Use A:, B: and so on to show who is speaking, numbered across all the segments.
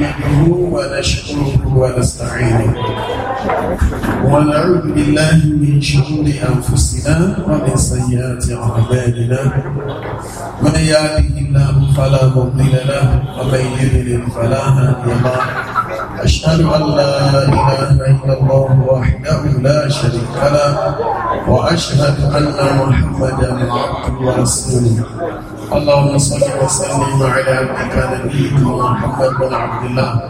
A: نحمده ونشكره ونستعينه ونعوذ بالله من شرور انفسنا ومن سيئات اعمالنا من يهده الله فلا مضل له ومن يضلل فلا هادي له أشهد أن لا إله إلا الله وحده لا شريك له وأشهد أن محمدا عبده ورسوله اللهم صل وسلم على عبدك نبيك محمد بن عبد الله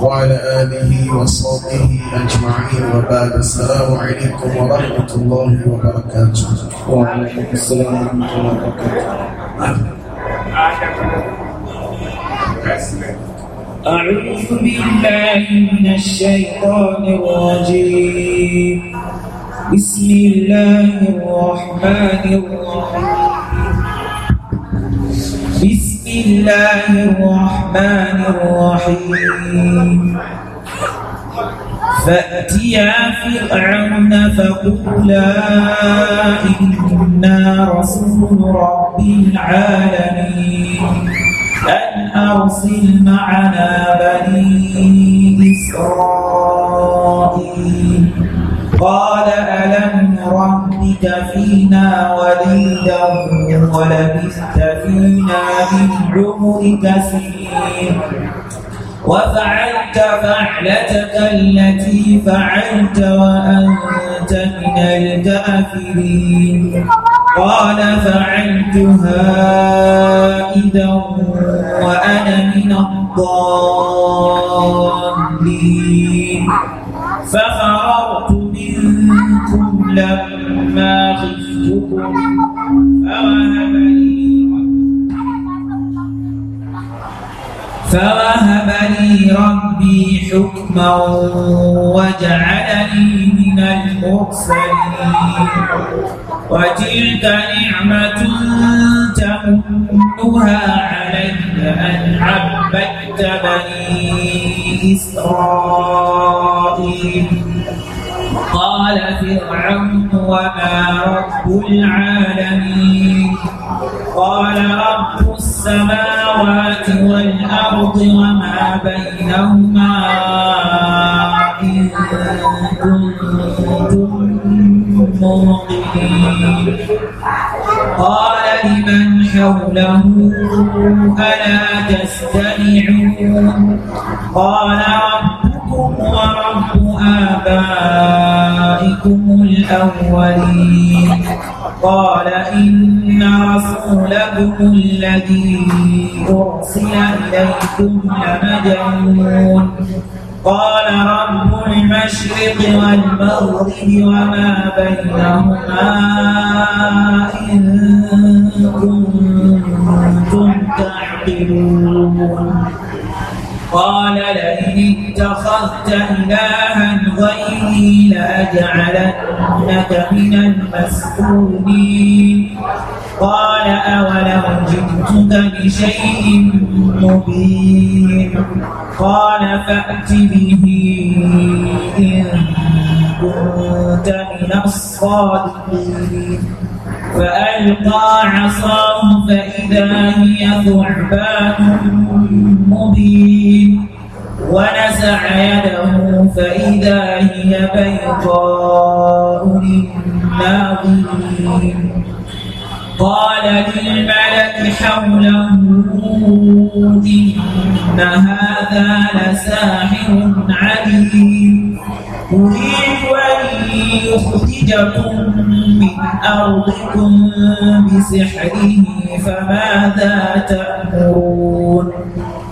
A: وعلى آله وصحبه أجمعين وبعد السلام عليكم ورحمة الله وبركاته
B: وعليكم السلام ورحمة الله وبركاته أعوذ بالله من الشيطان الرجيم بسم الله الرحمن الرحيم بسم الله الرحمن الرحيم فأتيا فرعون فقولا إنا رسول رب العالمين أن أرسل معنا بني إسرائيل قال ألم نربك فينا وليدا ولبثت فينا من عمرك سنين وفعلت فعلتك التي فعلت وأنت من الكافرين قال فعلتها إذا وأنا من الضالين فخرجت لما خفتكم فوهب لي ربي حكما وجعلني من المرسلين وتلك نعمة تمنها علي أن عبدت بني إسرائيل قال فرعون وما رب العالمين قال رب السماوات والأرض وما بينهما إن كنتم موقنين قال لمن حوله ألا تستمعون قال ربكم ورب آبائكم سابقكم الأولين قال إن رسولكم الذي أرسل إليكم لمجنون قال رب المشرق والمغرب وما بينهما إن كنتم تعقلون قال لئن اتخذت إلها غيري لأجعلنك من المسؤولين قال أولو جئتك بشيء مبين قال فأت به إن كنت من الصادقين فألقى عصاه فإذا هي ثعبان مبين ونزع يده فإذا هي بيضاء للناظرين قال للملك حوله إن هذا لساحر عليم أريد يخرجكم من أرضكم بسحره فماذا تأمرون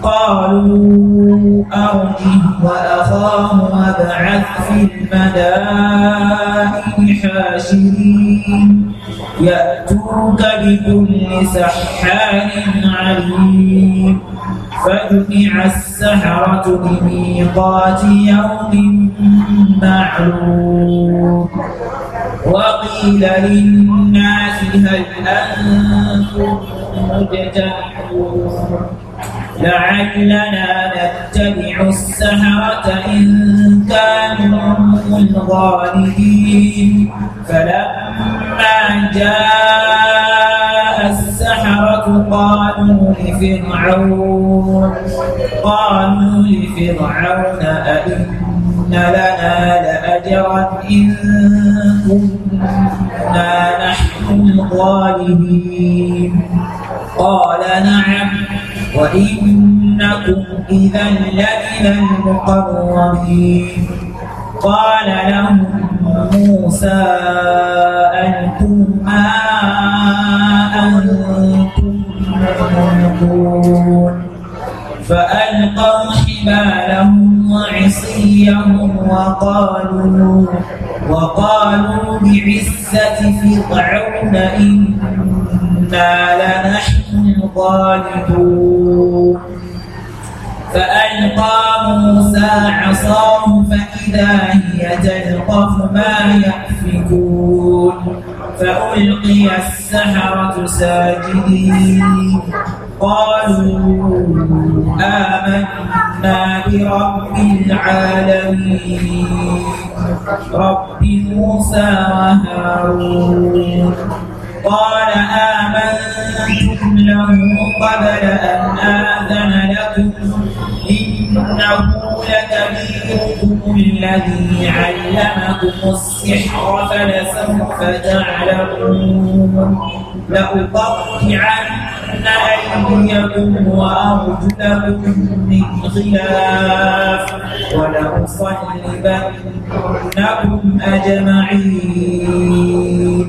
B: قالوا أرجه وأخاه وابعث في المدائن حاشرين يأتوك بكل سحار عليم فجمع السحرة بميقات يوم معلوم وقيل للناس هل أنتم مجتمعون لعلنا نتبع السحرة إن كانوا هم الغالبين فلما جاء السحرة قالوا لفرعون قالوا لفرعون أئن لنا لأجرا إن كنا نحن الغالبين قال نعم وإنكم إذا لمن المقربين قال لهم موسى أنتم ما أنتم يخرجون فألقوا حبالهم وعصيهم وقالوا وقالوا بعزة فرعون إنا لنحن الغالبون فألقى موسى عصاه فإذا هي تلقف ما يأفكون فألقي السحرة ساجدين قالوا آمنا برب العالمين رب موسى وهارون قال آمنتم له قبل أن آذن لكم إنه لكبيركم الذي علمكم السحر فلسوف تعلمون لأقطعن أيديكم وأرجلكم من خلاف
A: ولأصلبنكم أجمعين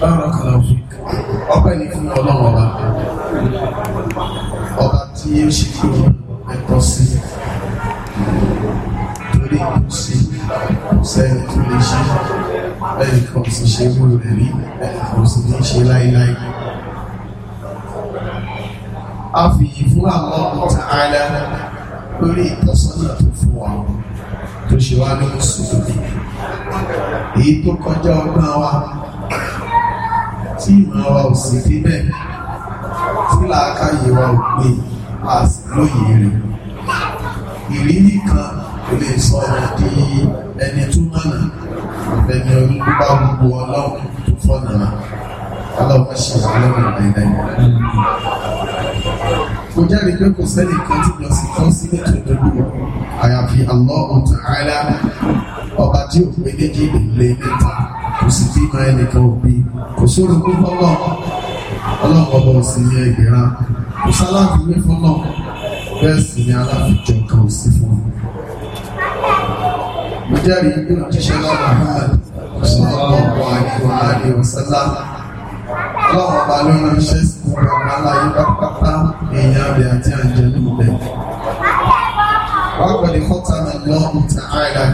A: بارك الله فيك ọpẹ́ ni fún Ọlọ́run ọba ọba tí ó ṣe kí ọ̀rọ̀ ẹ̀tọ́ sí bí kò sí sẹ́ni tó lè ṣe ẹnì kan sì ṣe wò rẹ̀ rí ẹnì kan sì ní ṣe láíláí. a fi yìí fún àwọn ọ̀tá ààlà lórí ìtọ́sọ́nà tó fún wa tó ṣe wá ní mùsùlùmí èyí tó kọjá ọgbọ́n wa tí ìmọ̀ wa ò sí débẹ̀ tí làákàyè wa ò pé a sì lóye rẹ̀ ìrírí kan kò lè sọ ọ̀rọ̀ di ẹni tó mọ̀nà ẹni orí tó bá gbogbo ọlọ́run tó fọ́nà náà ọlọ́run ṣe ọlọ́run nàìjíríà. mo jẹ́rìí pé kò sẹ́ni kan tí lọ sí fọ́ sí ètò ìdókòwò àyàfi Allahu Ta'ala ọba tí ò pé méjì lè níta kò sì bí máa ẹnìkan òbí kò sóòrò kú fọ́lọ́ ọlọ́run ọba òsì ní ẹgbẹ̀rán kò sáláàbí wí fọ́lọ́ bẹ́ẹ̀ sì ni aláfijọ́ kan ò fún un mo jẹ́rìí ikú náà ṣiṣẹ́ lọ́wọ́ Muhammad sallallahu alaihi wa alihi wa sallam ọlọ́wọ́ ọba ló rán iṣẹ́ sí gbogbo ọba aláyé pátápátá èèyàn rẹ̀ àti àjẹ́ ní ibẹ̀. wọ́n pẹ̀lú kọ́tàmì lọ́ọ̀mù tààrà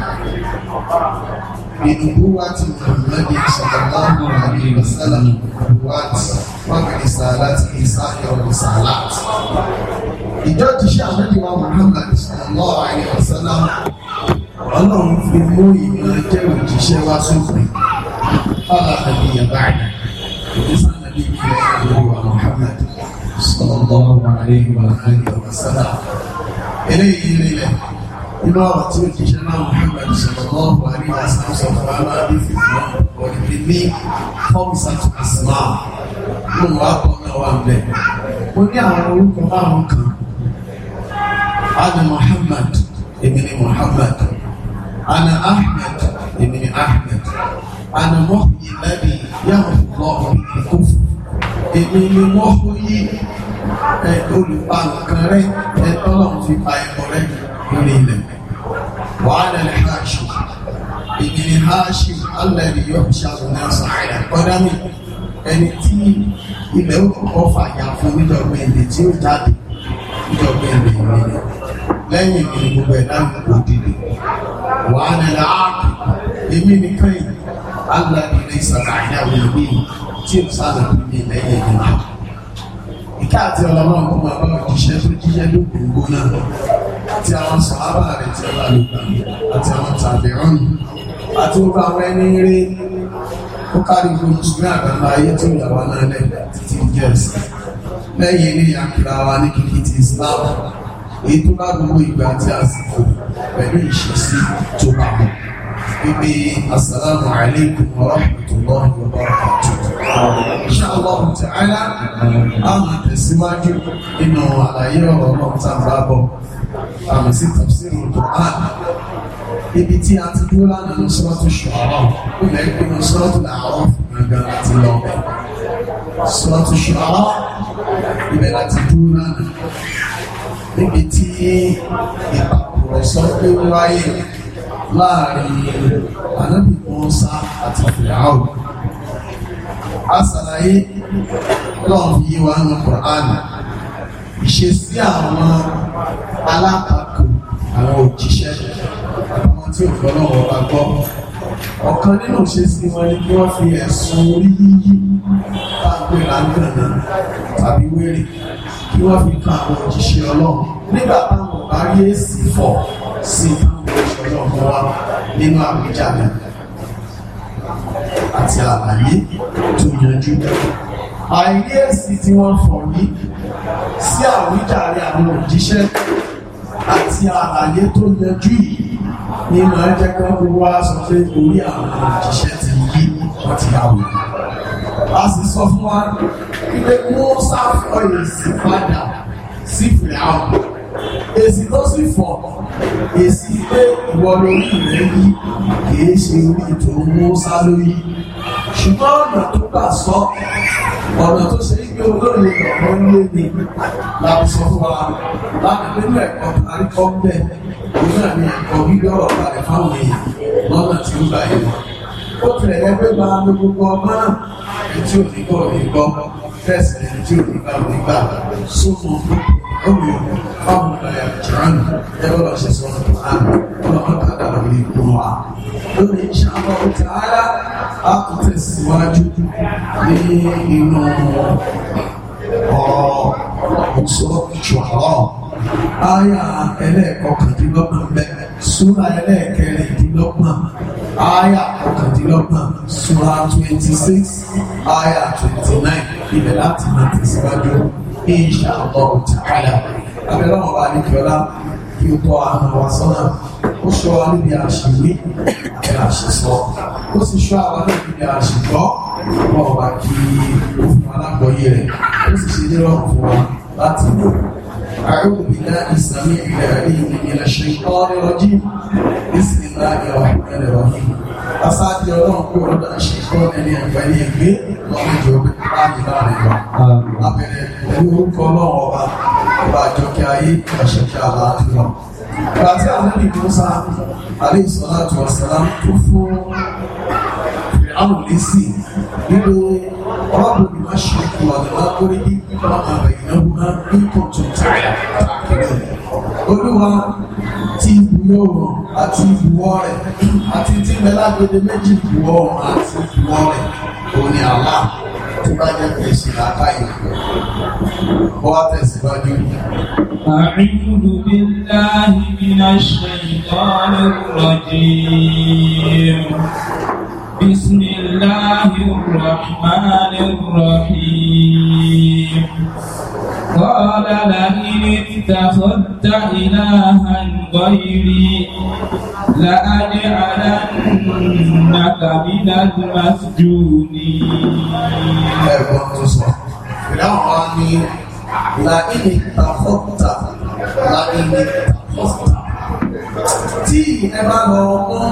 A: بنبوة محمد صلى الله عليه وسلم نبوات وبرسالته سائر الرسالات. إجابة الشيخ محمد صلى الله عليه وسلم ọlọ́run fi mú ìmọ̀ jẹ́ òjíṣẹ́ wá sópin ọ̀la àbí yàrá rẹ̀ ìdísàn àbí ìfẹ́ àbúrò Muhammad sallallahu alayhi wa alihi wa sallam eléyìí nílẹ̀ nínú ọ̀rọ̀ tí òjíṣẹ́ náà Muhammad sallallahu alayhi wa sallam sọ fún wa bí fìfún ọ̀rẹ́ ní fọ́ọ̀mùsà tó ló wà bọ́ náà wà bẹ́ẹ̀ ó ní àwọn orúkọ márùn kan adu Muhammad èmi Muhammad ana ahmed èmi ni ahmed ana mọ́hùyí lẹ́bi yàrá lọ́ọ̀rọ̀ ìkófù èmi ni mọ́hùyí ẹ olùpalùkàn rẹ ẹ tọ́lọ̀ fi pa ẹ̀kọ́ rẹ lórí ilẹ̀ wàhálà lè ha ṣe èmi ni ha ṣe alẹ́bi yọ ṣàbùnà sàáyà kọ́dá mi ẹni tí ilẹ̀ òkùnkọ́ fàyà fún níjọba èdè tí ó jáde níjọba èdè ìrìnà lẹ́yìn ìgbìmọ̀ ẹ̀dá òdìdè wà á nílẹ̀ áàpù èmi nìkan yìí agbábìnrin ìsàkà ìyàwó ìwé yìí tí o sábà tó ní lẹ́yìn ìlú náà ìka àti ọlọ́mọ ọkọ máa bá òṣìṣẹ́ tó jíjẹ́ lókun gbóná àti àwọn sàábà rẹ̀ tí ọlá ló gbà àti àwọn tàbí rọ́nù àti gbogbo àwọn ẹni rí ó kárí gbogbo mùsùlùmí àgbàlá ayé tó yà wá náà lẹ́yìn títí ìjẹ́sì lẹ́yìn ní àkìlá wa ní kìkì ti Islam ètò ládùúgbò ìgbà àti àsìkò pẹ̀lú ìṣesí tó bá mọ̀ bíbí asalaamu alaykum wa rahmatulahi wa barakatuh insha allah ta'ala àwọn tẹ̀síwájú nínú àlàyé ọ̀rọ̀ náà tá a bá bọ̀ àmì sí tafsir al-Qur'an ibi tí a ti dúró lánàá ní sọ́ọ̀tù ṣùgbọ́n ó lẹ́ pé ní sọ́ọ̀tù làwọn gbọ̀ngàn láti lọ sọ́ọ̀tù ṣùgbọ́n ibẹ̀ láti dúró lánàá níbi tí ìpàkùrọ̀sọ gbé wáyé láàrin ànábì Mùsá àti Fìràwọ̀. A ṣàlàyé lọ́n fi wá ní Kùránì. Ìṣesí àwọn alátakò àwọn òjíṣẹ́ àwọn tí ò fọ́nà wọn bá gbọ́. Ọ̀kan nínú ìṣesí wọn ni kí wọ́n fi ẹ̀sùn orí yíyí bá gbéra gbẹ̀rẹ̀ tàbí wérè kí wọ́n fi kan àwọn òjíṣẹ́ ọlọ́run nígbà táwọn ọ̀bá rí èsì fọ̀ sí táwọn òjíṣẹ́ ọlọ́run wá nínú àwíjàre àti àlàyé tó yanjú àìrí èsì tí wọ́n fọ̀ yìí sí àwíjàre àwọn òjíṣẹ́ àti àlàyé tó yanjú yìí ní máa ń jẹ́ kí wọ́n fi wá sọ pé orí àwọn òjíṣẹ́ ti yí wọ́n ti yà wò a sì sọ fún wa wípé Mósà fọ èsì padà sí fìlàwọ èsì tó sì fọ èsì pé ìwọ lórí rẹ yí kìí ṣe orí ètò Mósà lórí ṣùgbọ́n ọ̀nà tó gbà sọ ọ̀nà tó ṣe gbé olóòlù ọ̀rọ̀ lé ní láti sọ fún wa láti nínú ẹ̀kọ́ parí kọ́ bẹ́ẹ̀ nínú àmì ẹ̀kọ́ gbígbọ́rọ̀ balẹ̀ fáwọn èèyàn lọ́nà tí ó gbà yẹn wọn ó tilẹ̀ yẹ pé bá mi gbogbo ọgbọ́n náà ètí òní gbọ́ òní gbọ́ tẹ̀sí ètí òní gbà òní gbà sófò omi òní ọmọ ìgbàlẹ̀ àjọyàn ẹ bọ́lá ṣe sọ ọ́nà àná ọlọ́mọ kàdà òní gbọ́ wa. lórí ìṣàmọ́ òtí ara a kò tẹ̀síwájú ní inú ọ̀rọ̀ sọ́ọ̀kì ṣùgbọ́n àyà ẹlẹ́ẹ̀kọkàndínlọ́gbọ̀n bẹ́ẹ̀ súnà ẹlẹ́ẹ̀kẹrìndínlọ́gbọ̀n aya kọkàndínlọ́gbọ̀n sura twenty six aya twenty nine ibẹ̀ láti máa tẹ̀síwájú insha allah ta'ala abẹ́rẹ́ àwọn ọba adékọ́lá kí ó tọ́ àwọn wa sọ́nà ó ṣọ́ wa níbi àṣìwí àti àṣìsọ ó sì ṣọ́ àwọn náà níbi àṣìgbọ́ ọba kí ó fún alágbọ̀yé rẹ̀ ó sì ṣe nírọ̀rùn fún wa láti lò أعوذ بالله السميع العليم من الشيطان الرجيم بسم الله الرحمن الرحيم أسعد الله كل الشيطان أن يبني به lọ́jọ́ láti láàrin wa abẹ̀rẹ̀ orúkọ ọlọ́run ọba ọba àjọkẹ́ ayé àṣẹkẹ́ àlàáfíà ìgbà tí àwọn ènìyàn Musa aléìsọ́lá tó ọ̀sán tó fún fìràmù lẹ́sìn nínú الأقرب بالمشرق والمغرب وما بينهما إن كنتم تعلمون olúwa ti buwọ́ wọn àti buwọ́ rẹ̀ àti tí ń méjì buwọ́ wọn àti buwọ́ rẹ̀ òun ni àlá tó bá jẹ́ pé ṣe láta yìí wọ́n á tẹ̀síwájú. أعوذ
B: بالله من الشيطان الرجيم بسم الله الرحمن الرحيم قال لئن اتخذت إلها غيري لأجعلنك من المسجونين
A: لئن اتخذت لئن اتخذت tí ẹ bá lọ mú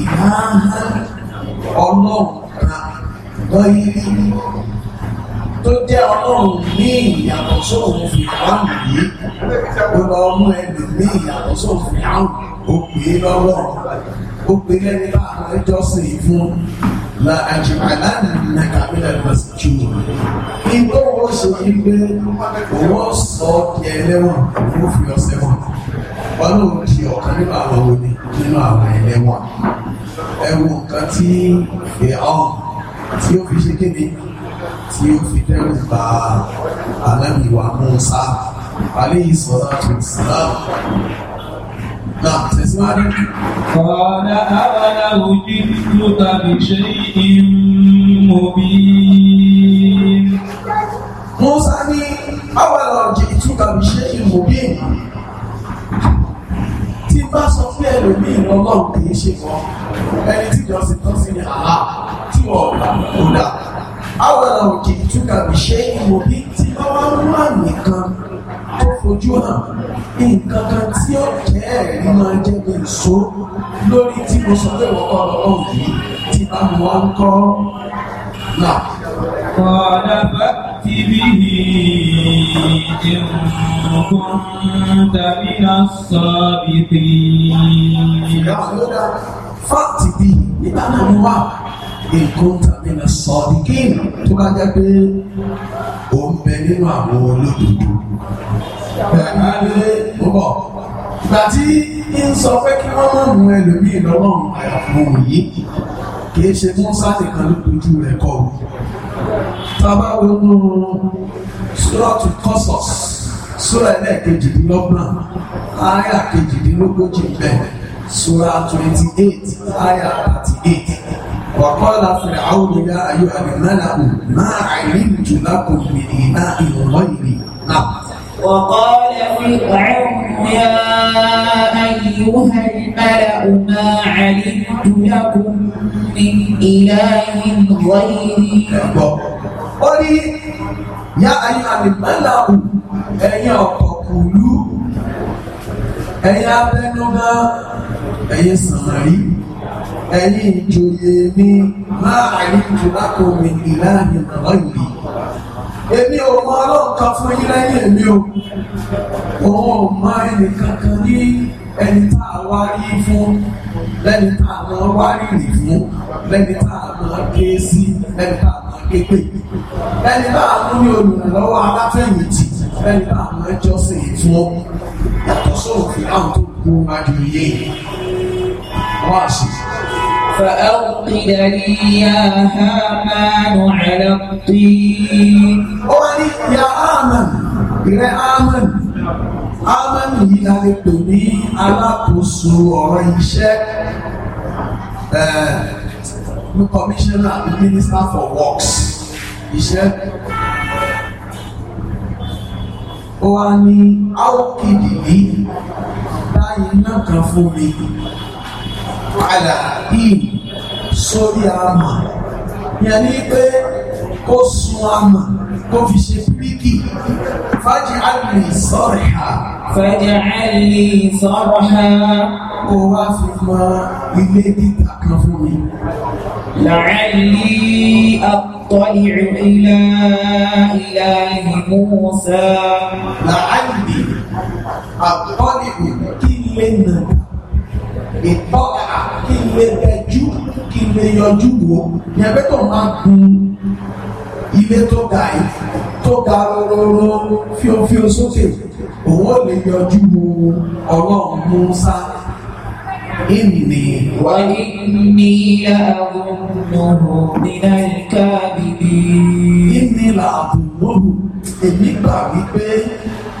A: ìhàn ọlọ́run kan lọ́yìnrí tó jẹ́ ọlọ́run ní ìyàtọ̀ sóhun fi hàn yìí ó lọ mú ẹni ní ìyàtọ̀ sóhun fi hàn ó pè é lọ́wọ́ ó pè é lẹ́ni láàrin ẹjọ́ sì fún la àjùmọ̀lá nà kàmílẹ̀ lọ́sìkì igbó wo ṣe yí pé wọ́n sọ di ẹlẹ́wọ̀n wọ́n fi ọ̀sẹ̀ wọn wọn lòun di ọ̀kan nínú àwọn òní nínú àwọn ẹlẹ́wọ̀n ẹwọ kan tí ìhàn tí ó fi ṣe kéde tí ó fi dẹ́rù bá alábì wa Mùsá alayhi salatu wassalam náà tẹ̀síwájú. Kọ̀ọ̀dá àwọ̀dá
B: òjì tó tàbí ṣe ìmòbí.
A: Mùsá ní àwọ̀dá òjì tó tàbí ṣe ìmòbí bá sọ fún ẹlòmíì lọ́lọ́run kì í ṣe wọn ẹni tí jọ sí tán sí àlá tí wọn bá kó dà àwọn òkè ìtúkà mi ṣe ìwò bí tí bá wá ń wà nìkan tó fojú hàn nǹkan kan tí ó jẹ́ ẹ̀rí máa jẹ́ bí ìṣó lórí tí mo sọ pé wọ́n kọ́ ọ̀rọ̀ yìí tí bá mo wá ń kọ́ Kọ̀ọ̀dà bá ti bí i. إن كنت من الصادقين fáàtì bíi nígbà náà mo wà nǹkan tàbí na sọ̀dìkìn tó bá jẹ́ pé ó ń bẹ nínú àwọn olódodo. Bẹ́ẹ̀ni alẹ́ mo bọ̀. Ìgbà tí ń sọ pé kí wọ́n máa mú ẹlòmíì lọ́lọ́run àyàfọ̀hún yìí kì í ṣe Mùsá nìkan ló dojú rẹ̀ kọ́. Tábà wọnú Súrọ̀tù Kọ́sọ̀s, súrọ̀ ẹlẹ́ẹ̀kejìdínlọ́gbọ̀n, áyà kejìdínlógójì bẹ́ẹ̀, súrà twenty eight, áyà thirty eight. Wàkọ́lá fẹ̀rẹ̀ àwọn ìyá ayọ̀ àgbẹ̀mẹ́lá ò máa àìrìn jù lápò ìrìn náà ìrànwọ́ ìrìn náà. وقال
B: فرعون يا أيها الملأ ما علمت
A: لكم من إله غيري. Ya ayé àlèmọ́làwù ẹ̀yin ọ̀pọ̀kùlú ẹ̀yin abẹ́númá ẹ̀yin sànrí ẹ̀yin ìjòyè mi láàrin jùlákòmí ìlànà ọ̀yìn èmi ò mọ ọlọ́ọ̀kan fún yín lẹ́yìn èmi o òun ò mọ ẹnì kankan ní ẹni tá a wá rí fún lẹ́ni tá a mọ wá rírì fún lẹ́ni tá a mọ ké sí lẹ́ni tá a mọ èpè ẹni náà ló ní olùrànlọ́wọ́ alátẹ̀yìntì ẹni náà lọ jọ́sìn fún ọ yàtọ̀ sọ̀rọ̀ fi àwọn tó kú adìyẹ wá sí.
B: فأوقد يا هامان على الطين.
A: أولي يا آمن يا آمن ámánì yìí la lè pè ní ní commissioner, àbí mínísítà for works iṣẹ́ ó wá ní áwòkèdìdì báyìí náà kan fún mi padà yìí sórí àmà yẹn ní pé kó sun àmà kó fi ṣe píríkì fájì àlè sọ̀rọ̀ ha. fájì àlè sọ̀rọ̀ ha. ó wá fi mọ ilé kíkà
B: kan fún mi. لعلي أطلع إلى إله موسى لعلي
A: أطلع كلنا ìtọ́ka kí n lè yẹjú kí n lè yọjú wo ní ẹgbẹ́ tó máa gun ilé tó ga tó ga rọrọrọ fíofío sókè òun ò lè yọjú wo ọlọ́run Mùsá إني وإني لأظنه من الكاذبين إني لأظنه èmi gbà wípé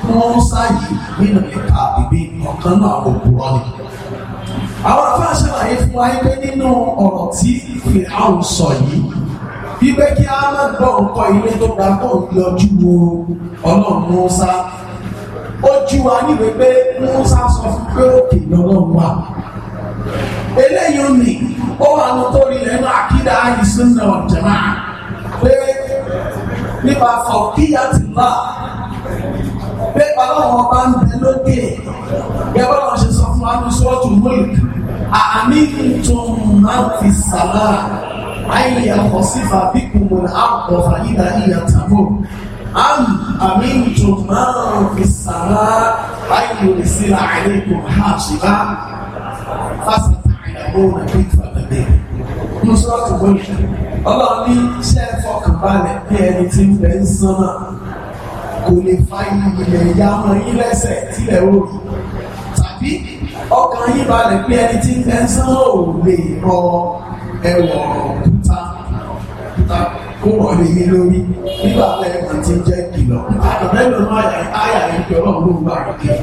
A: من sáyé nínú ìka àbíbí ọ̀kan náà kò kúrọ́ ni. àwọn afáà ṣàlàyé fún wa pé nínú ọ̀rọ̀ tí fìhàn sọ yìí wípé kí a má gbọ́ nǹkan ilé tó ga kó yọjú wo ọlọ́run Mùsá ó wa níwèé pé Mùsá sọ fún pé òkè lọ́lọ́run wà eléyìí ni ó wà ní tó rí lẹ́nu àkídá ìsúná ọ̀jẹ̀má pé nípa fọ̀kíyà ti bá pé bàbá wọn bá ń bẹ lókè gẹ́gẹ́ wọn ṣe sọ fún amúṣọ́ọ̀tù mọ́lì àmì tún máa fi sàlá ayé àkọsífà bí kùmù àpọ̀ fàyídà ìyà tàbó am àmì tún máa fi sàlá ayé òdìsílà àìlèkùn hàṣìbá fásitàìyàwó nípa bẹ̀rẹ̀ nùsọ́ọ̀tù wọ́ọ̀ṣù ọlọ́run ní iṣẹ́ ìfọkànbalẹ̀ bí ẹni tí ń bẹ̀ ń sánmà kò lè fa ilẹ̀ ìyá ọmọ yín lẹ́sẹ̀ tílẹ̀ òòrùn tàbí ọkàn yín balẹ̀ bí ẹni tí ń bẹ̀ ń sánmà ò lè rọ ẹwọ̀ òkúta òkúta kó wọ́n lè yé lórí nígbà tẹ́ ẹ̀ máa ti jẹ́ kìlọ̀ àtọ̀mẹ́lò náà àyà ìjọ náà ló ń gbà kékeré.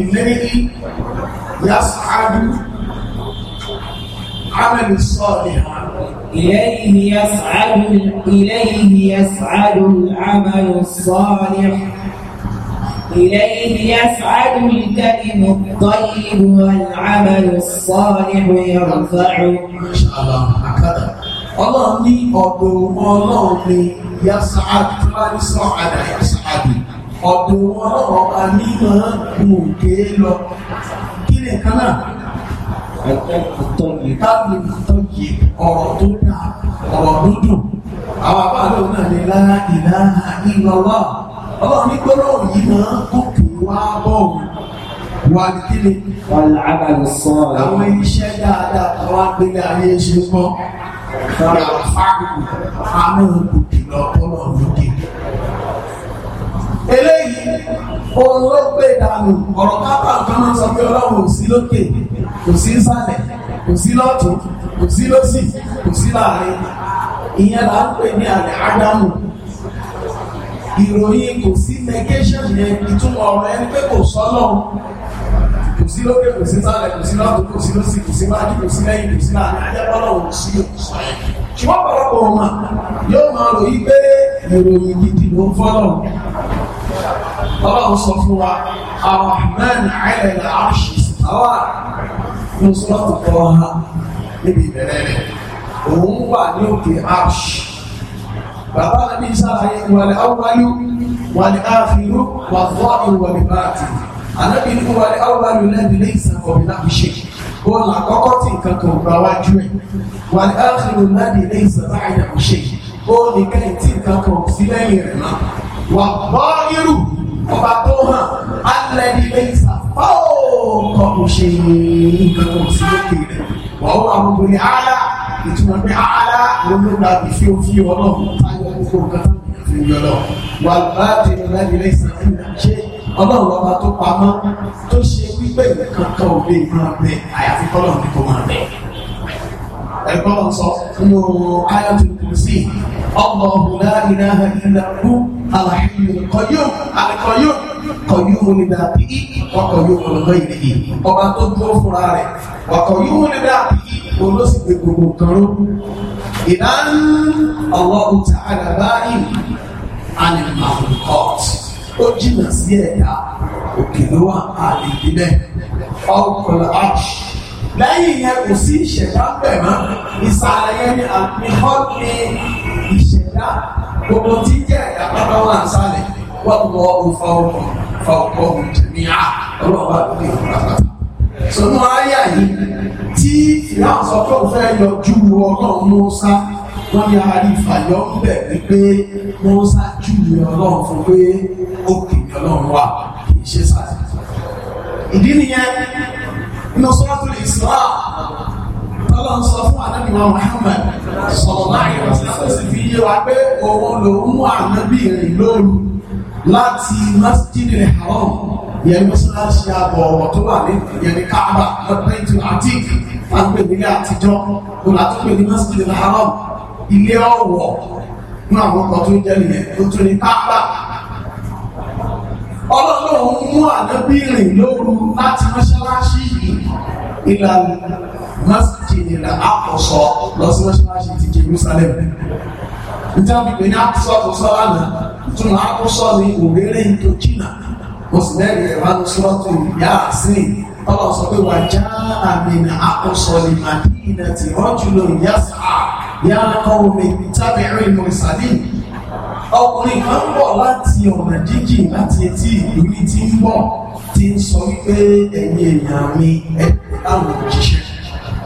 A: إليه يصعد عمل الصالح إليه
B: يصعد إليه يصعد العمل الصالح إليه يصعد الكلم الطيب والعمل الصالح يرفعه ما شاء الله هكذا الله
A: لي أبو الله لي يصعد فارس على يصعد ọ̀dọ̀ wọn ọba mímọ́ mú òkè lọ kí ni kan náà tábìlì tọ́jì ọ̀rọ̀ tó dáa ọ̀rọ̀ tó dùn àwọn àbáàlò náà ní lára ìlànà ìlọ́lá ọlọ́run ní gbọ́dọ̀ yìí máa gòkè wá bọ́ọ̀lù wà ní kí ni àwọn iṣẹ́ dáadáa àwọn agbélé ayé ṣe mọ́ àwọn fáàlù àwọn òkùnkùn lọ́pọ̀lọpọ̀ lókè eléyìí òun ló gbé dànù ọ̀rọ̀ pápá kan máa ń sọ pé ọlọ́run ò sí lókè kò sí sálẹ̀ kò sí lọ́tún kò sí lọ́sì kò sí láàrin ìyẹn là ń pè ní àlẹ́ ádámù ìròyìn kò sí negation yẹn ìtumọ̀ ọ̀rọ̀ ẹni pé kò sọ́lọ́run kò sí lókè kò sí sálẹ̀ kò sí lọ́tún kò sí lọ́sì kò sí wájú kò sí lẹ́yìn kò sí láàrin ajẹ́bọ́lọ́ ò sí ṣùgbọ́n pọ̀lọpọ̀ ọmọ yóò máa ròyìn pé ìròyìn gidi ló ń fọ́lọ́run ọlọ́run sọ fún wa arahman ayẹlẹ arṣi sáwà ní sọ́ọ̀tù tọ́ ha níbi ìbẹ̀rẹ̀ rẹ̀ òun wà ní òkè arṣi bàbá àbí sáàyè ìwàlẹ̀ awáyú wàlẹ̀ àfihàn wà fọ́ ìwàlẹ̀ báàtì ànábì ní ìwàlẹ̀ awáyú lẹ́bi lẹ́yìn sáfọ̀ bí láti ṣe òun àkọ́kọ́ tí nǹkan kan gbà wájú ẹ̀ wàlẹ̀ àfihàn lẹ́bi lẹ́yìn sáfọ̀ àyà òṣè òun nìkan tí nǹkan kan sí lẹ́yìn rẹ̀ náà wà bọ́ irú ọba tó hàn alẹ́bí lẹ́yìnsà fọ́ọ̀kọ̀ kò ṣe nǹkan kò sí lókè rẹ̀ wọ́n wà gbogbo ní ara ìtumọ̀ pé ara olóògbà bí fi ó fi ọlọ́run táyọ̀ gbogbo nǹkan tó ń yọ lọ wà láti alẹ́bí lẹ́yìnsà ṣe ọlọ́run ọba tó pamọ́ tó ṣe wípé nǹkan kan ò lè máa bẹ àyàfi kọ́lọ́run ní kò máa bẹ ẹ̀gbọ́n sọ nínú ayatul kursi Allahu la ilaha illa hu al-hayyul qayyum al-qayyum kọ̀yúhù ní dàbí í wọ́n kọ̀yúhù lọ́dọ̀ ìdí yìí ọba tó dúró fúnra rẹ̀ wọ́n kọ̀yúhù ní dàbí í olóṣèlú gbogbo kan ló ìdán Allahu ta'ala báyìí animal court ó jìnnà sí ẹ̀yà òkè ló wà àlè ìbílẹ̀ lẹ́yìn yẹn kò sí ìṣẹ̀dá pẹ̀mọ́ ìsàlẹ̀ yẹn ni àfihàn ní ìṣẹ̀dá gbogbo tí jẹ́ ẹ̀dá pápá wà sálẹ̀ wọ́n mọ òfa ọkọ̀ fa ọkọ̀ òjèmí à ọlọ́wọ́ àdúgbò ìfúnra sọnù àyà yìí tí ìyáwó sọ pé òun fẹ́ yọjú ọlọ́run mọ́sá wọ́n ní àárí ìfàyọ́ ń bẹ̀ wípé mọ́sá jù ọlọ́run fún pé òkè ọlọ́run wà kì nínú sọ́ọ́tù ìsra tọ́lọ́ ń sọ fún ànábì wa Muhammad sọ̀rọ̀ láàyè ọ̀sẹ̀ sì fi yé wa pé òun lòun mú ànábì rìn lóru láti masjid al-haram yẹn mọ́sálásí àbọ̀ ọ̀rọ̀ tó wà ní yẹn káàbà lọ́pẹ́ ètò àtìk àgbè nílé àtijọ́ olùdókòwò ní masjid al-haram ilé ọ̀wọ̀ fún àwọn ọkọ̀ tó ń jẹ́ nìyẹn tó tún ní káàbà ọlọ́run mú ànábì rìn lóru láti mọ́ṣáláṣí yìí ìlànà masjid ìlà àkọsọ lọ sí mọ́ṣáláṣí ti Jerusalem nítorí pé ní àkọsọ àkọsọ àná ìtumọ̀ àkọsọ ni òrèrè tó jìnnà mo sì lẹ́rìí ẹ̀rọ àkọsọ tó yá sí ọlọ́run sọ pé wà já àmìnà àkọsọ ní Madina ti rọ́jùlọ yá sàá yá kọ́ omi tábìrì mọ̀sálìn ọkùnrin kan ń bọ̀ láti ọ̀nà jíjìn láti etí ìlú ní ti ń bọ̀ ti ń sọ wípé ẹ̀yin èèyàn mi ẹ̀ láwọn òjíṣẹ́.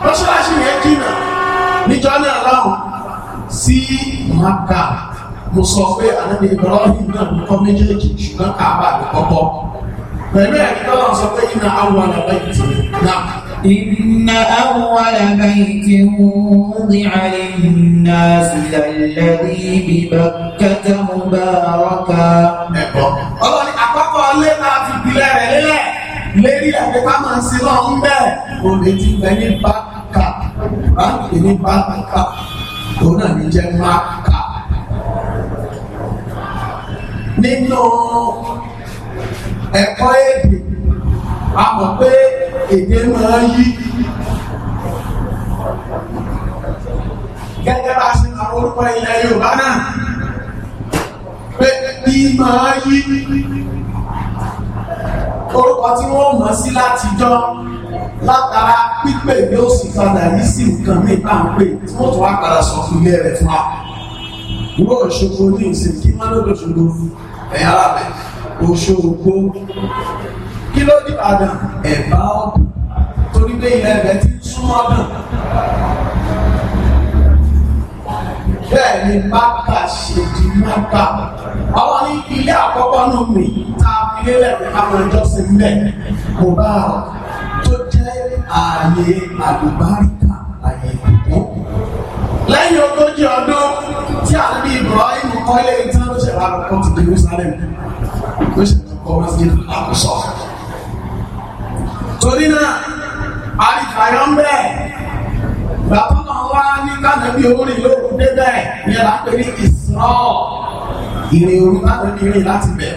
A: mọ́ṣáláṣí yẹn jìnnà níjọ́ náà láwọn sí maka mo sọ pé ànábi ibrahim náà ló kọ́ méjèèjì ṣùgbọ́n kàá bá mi kọ́kọ́ pẹ̀lú ẹ̀rí lọ́wọ́ sọ pé iná àwọn àlàbẹ̀ ìtì náà.
B: إن أول بيت وضع للناس للذي ببكة مباركا
A: ọlọ́run ní àkọ́kọ́ ilé náà ti gbilẹ̀ rẹ̀ lélẹ̀ lérí ẹ̀fẹ́ bá máa ń sin náà ń bẹ̀ kò lè ti bẹ̀ ní bákà báńkì ní bákà òun náà ní jẹ́ máàkà nínú ẹ̀kọ́ èdè a mọ̀ pé èdè máa yí gẹ́gẹ́ bá ṣe máa orúkọ ilẹ̀ Yorùbá náà pé bí máa yí orúkọ tí wọ́n mọ̀ sí látijọ́ látara pípè ní òsì padà yìí sí nǹkan ní ìpàǹpé tí wọ́n tún wá padà sọ fún ilé rẹ̀ fún wa ìwọ Òṣogbo ní ìsìn kí má lóde Òṣogbo ẹ̀yà alábẹ̀ Òṣogbo kí ló ní Ìbàdàn ẹ̀bá ọ̀dùn torí pé ilẹ̀ ẹ̀bẹ̀ ti súnmọ́ dùn. bẹ́ẹ̀ ni máka ṣe di máka àwọn ní ilé àkọ́kọ́ nù mí tá a fi lélẹ̀ àwọn ìjọsìn bẹ́ẹ̀ mo bá a tó jẹ́ ààyè àlùbáríkà ààyè ìdùnnú. lẹ́yìn ogójì ọdún tí àlùbí Ibrahim kọ́ ilé ìtàn ló ṣẹ̀wá àkọ́kọ́ ti Jerusalem ló ṣẹ̀wá àkọ́kọ́ wọ́n sí àkọ́sọ́ torí náà àìsàyọ̀ ń bẹ̀ bàbá máa wá ní kánàbí orin lóru débẹ̀ yẹn lápẹ́ ní ìsirọ́ ìrìn òru kánàbí rìn láti bẹ̀.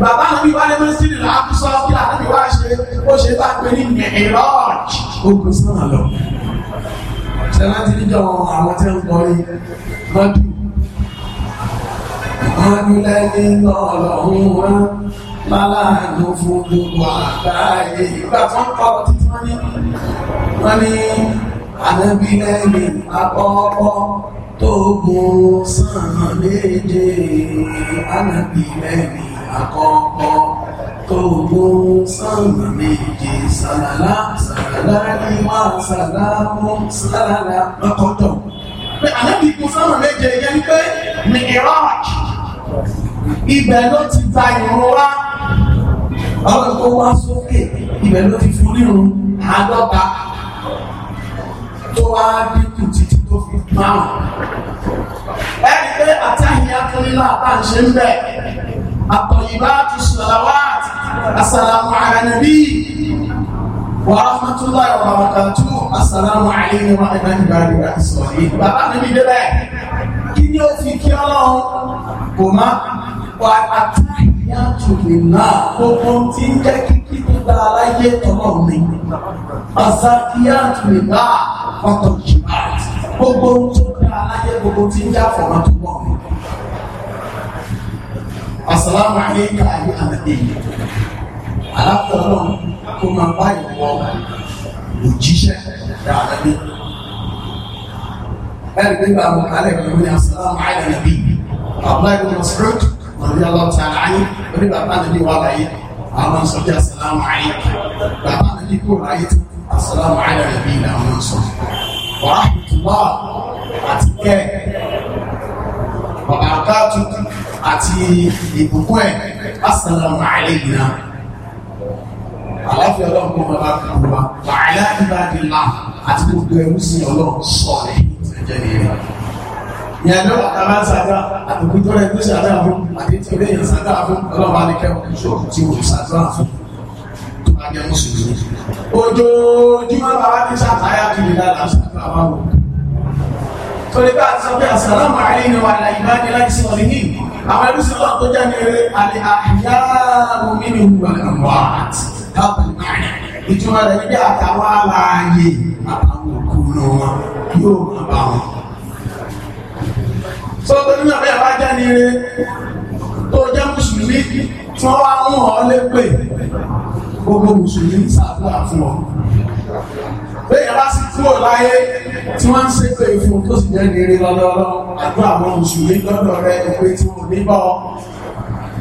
A: bàbá àbí wálé mọ́ sí ìlà àbúsọ kí àbí wá ṣe ó ṣe bá pé ní mẹ́rọ́ọ̀jì ogun sọ́nà lọ. ṣẹlá ti níjọ àwọn tí ń kọ́ yìí wọ́n dùn. wọ́n dùn lẹ́yìn náà láláàánú fún gbogbo àgbáyé ìgbà tó ń kọ́ títí wọ́n ní wọ́n ní ànábí lẹ́yìn àkọ́kọ́ tó gun sàn méje ànábí lẹ́yìn àkọ́kọ́ tó gun sàn méje sàlálà sàlálà ìwà sàlámù sàlálà lọ́kọ̀tọ̀. pé ànábí gun sàn méje yẹn pé ní iraq ibẹ̀ ló ti ta ìrora àwọn tó wá sókè ibẹ̀ ló ti fún nírun àádọ́ta tó wá dínkù títí tó fi márùn. ẹni pé àtàhìyá kiri náà bá ń ṣe ń bẹ̀ àtọ̀yìnbá ti ṣàlàwà àsàlàmù àrànàbí wa rahmatulahi wa barakatuhu asalaamu alayhi wa rahmatulahi wa barakatuhu. bàbá mi bí débẹ̀ kí ni ó fi kí ọlọ́run kò má wà á tán yàtúndì náà gbogbo tí ń jẹ́ kíkí tó gba aláyé tọ́lọ̀ mi. Àṣà kí yàtúndì náà fọ́tò jìbá gbogbo tó gba aláyé gbogbo tí ń jẹ́ àfọ̀mọ́ tó pọ̀ mi. Àsàlámù àlékà ayé àmàdé yìí. Aláfẹ́ ọlọ́run kó máa bá ìwọ òjíṣẹ́ dáadáa ní. Ẹ̀rí nígbà mọ̀ kálẹ̀ kí wọ́n ní àsàlámù àlékà nàbí. Àbúláyé wọn sọ̀rọ̀ tó àbí aláta ayé orí bàbá nàbí wà láyé àwọn sọjá àsàlámù ayé bàbá nàbí kò láyé tó àsàlámù ayé nàbí ilà àwọn sọ wàá tùwà àti kẹ bàbá ká tuntun àti ìbùkún ẹ àsàlámù ayé nà àlàáfíà ọlọ́run kò máa bá kàn wá àti gbogbo ẹrú sí ọlọ́run sọ̀rọ̀ ẹ̀jẹ̀ nìyẹn ìyá mẹ́wàá kan máa ń sàdá àtòkù tó rẹ̀ tó sàdá fún àti tí olóyè sàdá fún ọlọ́wà ní kẹ́kọ̀ọ́ ṣòfò tí wọ́n sàdá fún tó bá jẹ́ mùsùlùmí. ojoojúmọ́ bàbá ní sàtáyà tó lè dára sàdá wò. torí bá a ti sọ pé àsàlámù àlẹ́yìn wa là ìbáni láì sí ọ̀rẹ́ yìí àwọn ẹbí sọlá tó jẹ́ ní eré àlẹ́ àyàwó mímí wà lọ́wọ́ àti ìtumọ̀ rẹ̀ ní bí àtàwọn sọ́tọ́ nínú àbẹ́ àbá jẹ́ ní eré tó jẹ́ mùsùlùmí tí wọ́n wá ń hàn ọ́ lépè gbogbo mùsùlùmí ṣàdúrà fún ọ. Bẹ́ẹ̀ bá sì kúrò láyé tí wọ́n ń ṣe pé fún tó sì jẹ́ ní eré lọ́dọọdọ́ àdó àwọn mùsùlùmí lọ́dọ̀ rẹ ìpè tí wọ́n ní bọ́.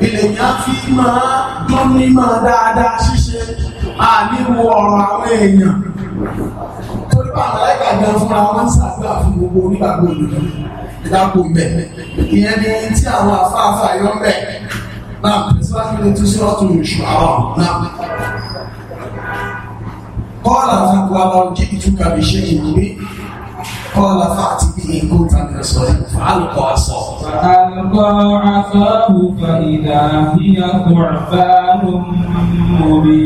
A: Ilẹ̀ yẹn fi máa dún ní máa dáadáa ṣíṣe àníwò ọ̀rọ̀ àwọn èèyàn. Torí bá àwọn ẹ̀ka gan fúnra wọn ń ṣàdúrà fún gbogbo onígbàgbọ́ òdòdó dákò mbẹ ìyẹn ni ohun tí àwọn afáfá yọ mbẹ náà tẹsíwájú lè tún sọ́ọ́ tó oṣù àwọn náà. kọ́ọ̀lá fún akọ àwọn jí ìtúkà bí ṣe kìí gbé kọ́ọ̀lá fún àti bí
B: nǹkan tàbí sọ fún alùpọ̀ àṣọ. alùpọ̀ àṣọ òkè ìlà ìyá kùrùfà ló ń mú mi.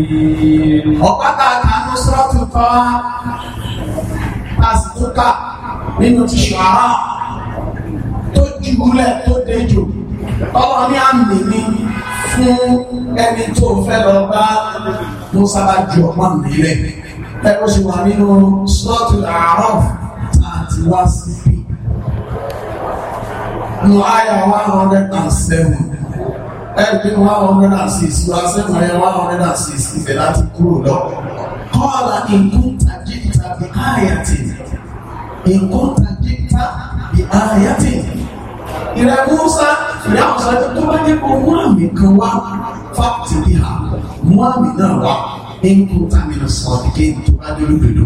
A: ọ̀pátá kanú sọ́ọ̀tù kan a sì tún ká nínú tíṣù àárọ̀ dùbúlẹ̀ tó dejò ọlọ́run ní àmì ní fún ẹni tó fẹ́ lọ bá musa bá ọmọ mi rẹ̀ ẹ sì wà nínú sọ́ọ̀tù àárọ̀ àti wá síbí nù àyà one hundred and seven ẹgbẹ́ one hundred and six wá sẹ́wọ̀n ayẹ one hundred and six ibẹ̀ láti kúrò lọ kọ́ọ̀lá ìkúntà jíjìtà bí áyà tì ìkúntà jíjìtà bí áyà tì ìrẹ̀ musa ìrẹ̀ àwọn sọ pé tó bá dé kó mú àmì kan wá fáàtì bí ha mú àmì náà wá ní kó tàbí lọ sọ ìdíje tó bá dé lódodo.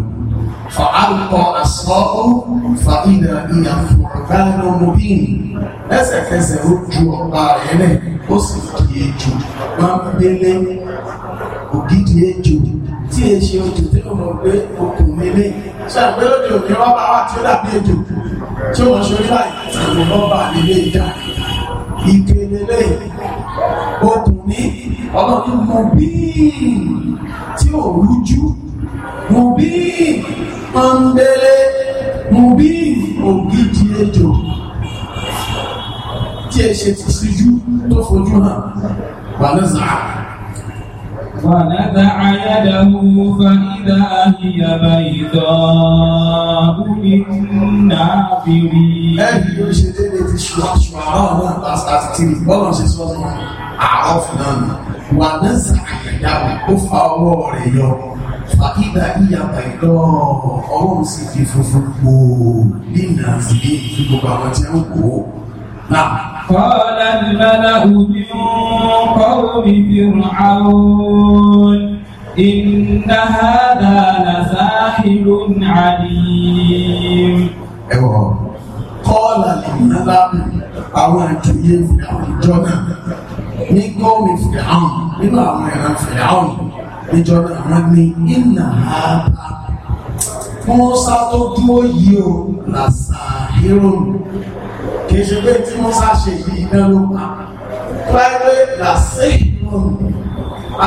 A: fa alukọ asọ́ọ́ fa ìdá ìyá fúrọ̀dánù mobin ẹsẹ̀kẹsẹ̀ ó ju ọ̀pá rẹ̀ lẹ̀ ó sì fi ejò máa ògidì ejò tí e ṣe ojú tí okùn mi lé ṣe àgbélódé òní rọ́bà wá tí ó dàbí ejò tí wọ́n ṣe báyìí ìgbìmọ̀ bá nílé ìjà ìpele okùn ní ọlọ́dún mọ̀ bíi tí ò rújú mọ̀ bíi pọ́ńbélé mọ̀ bíi ògidì ejò tí ẹ ṣe ti ṣíjú tó fojú hàn wà
B: lọ́sàn فنزع يده فإذا هي بيضاء للناظرين
A: àrọ́fùnánà wà náà sàkàyà ó fa ọwọ́ rẹ̀ yọ fàkídà ìyàpá ìdọ́ ọlọ́run sì fi funfun gbòó nínú àzìlẹ̀ ìfi gbogbo àwọn tí
B: ó ń kó قال الملأ من قوم فرعون إن هذا
A: لساحر عليم قال الملأ àwọn àjòyè fìdáhùn ìjọ náà ní gómì fìdáhùn nínú àwọn ìran fìdáhùn níjọ náà wọn ní ìnà àbá fún sátójú òyìí o làṣà hírò kì í ṣe pé tí wọ́n sá ṣe yìí iná ló pa private làṣẹ ìmọ̀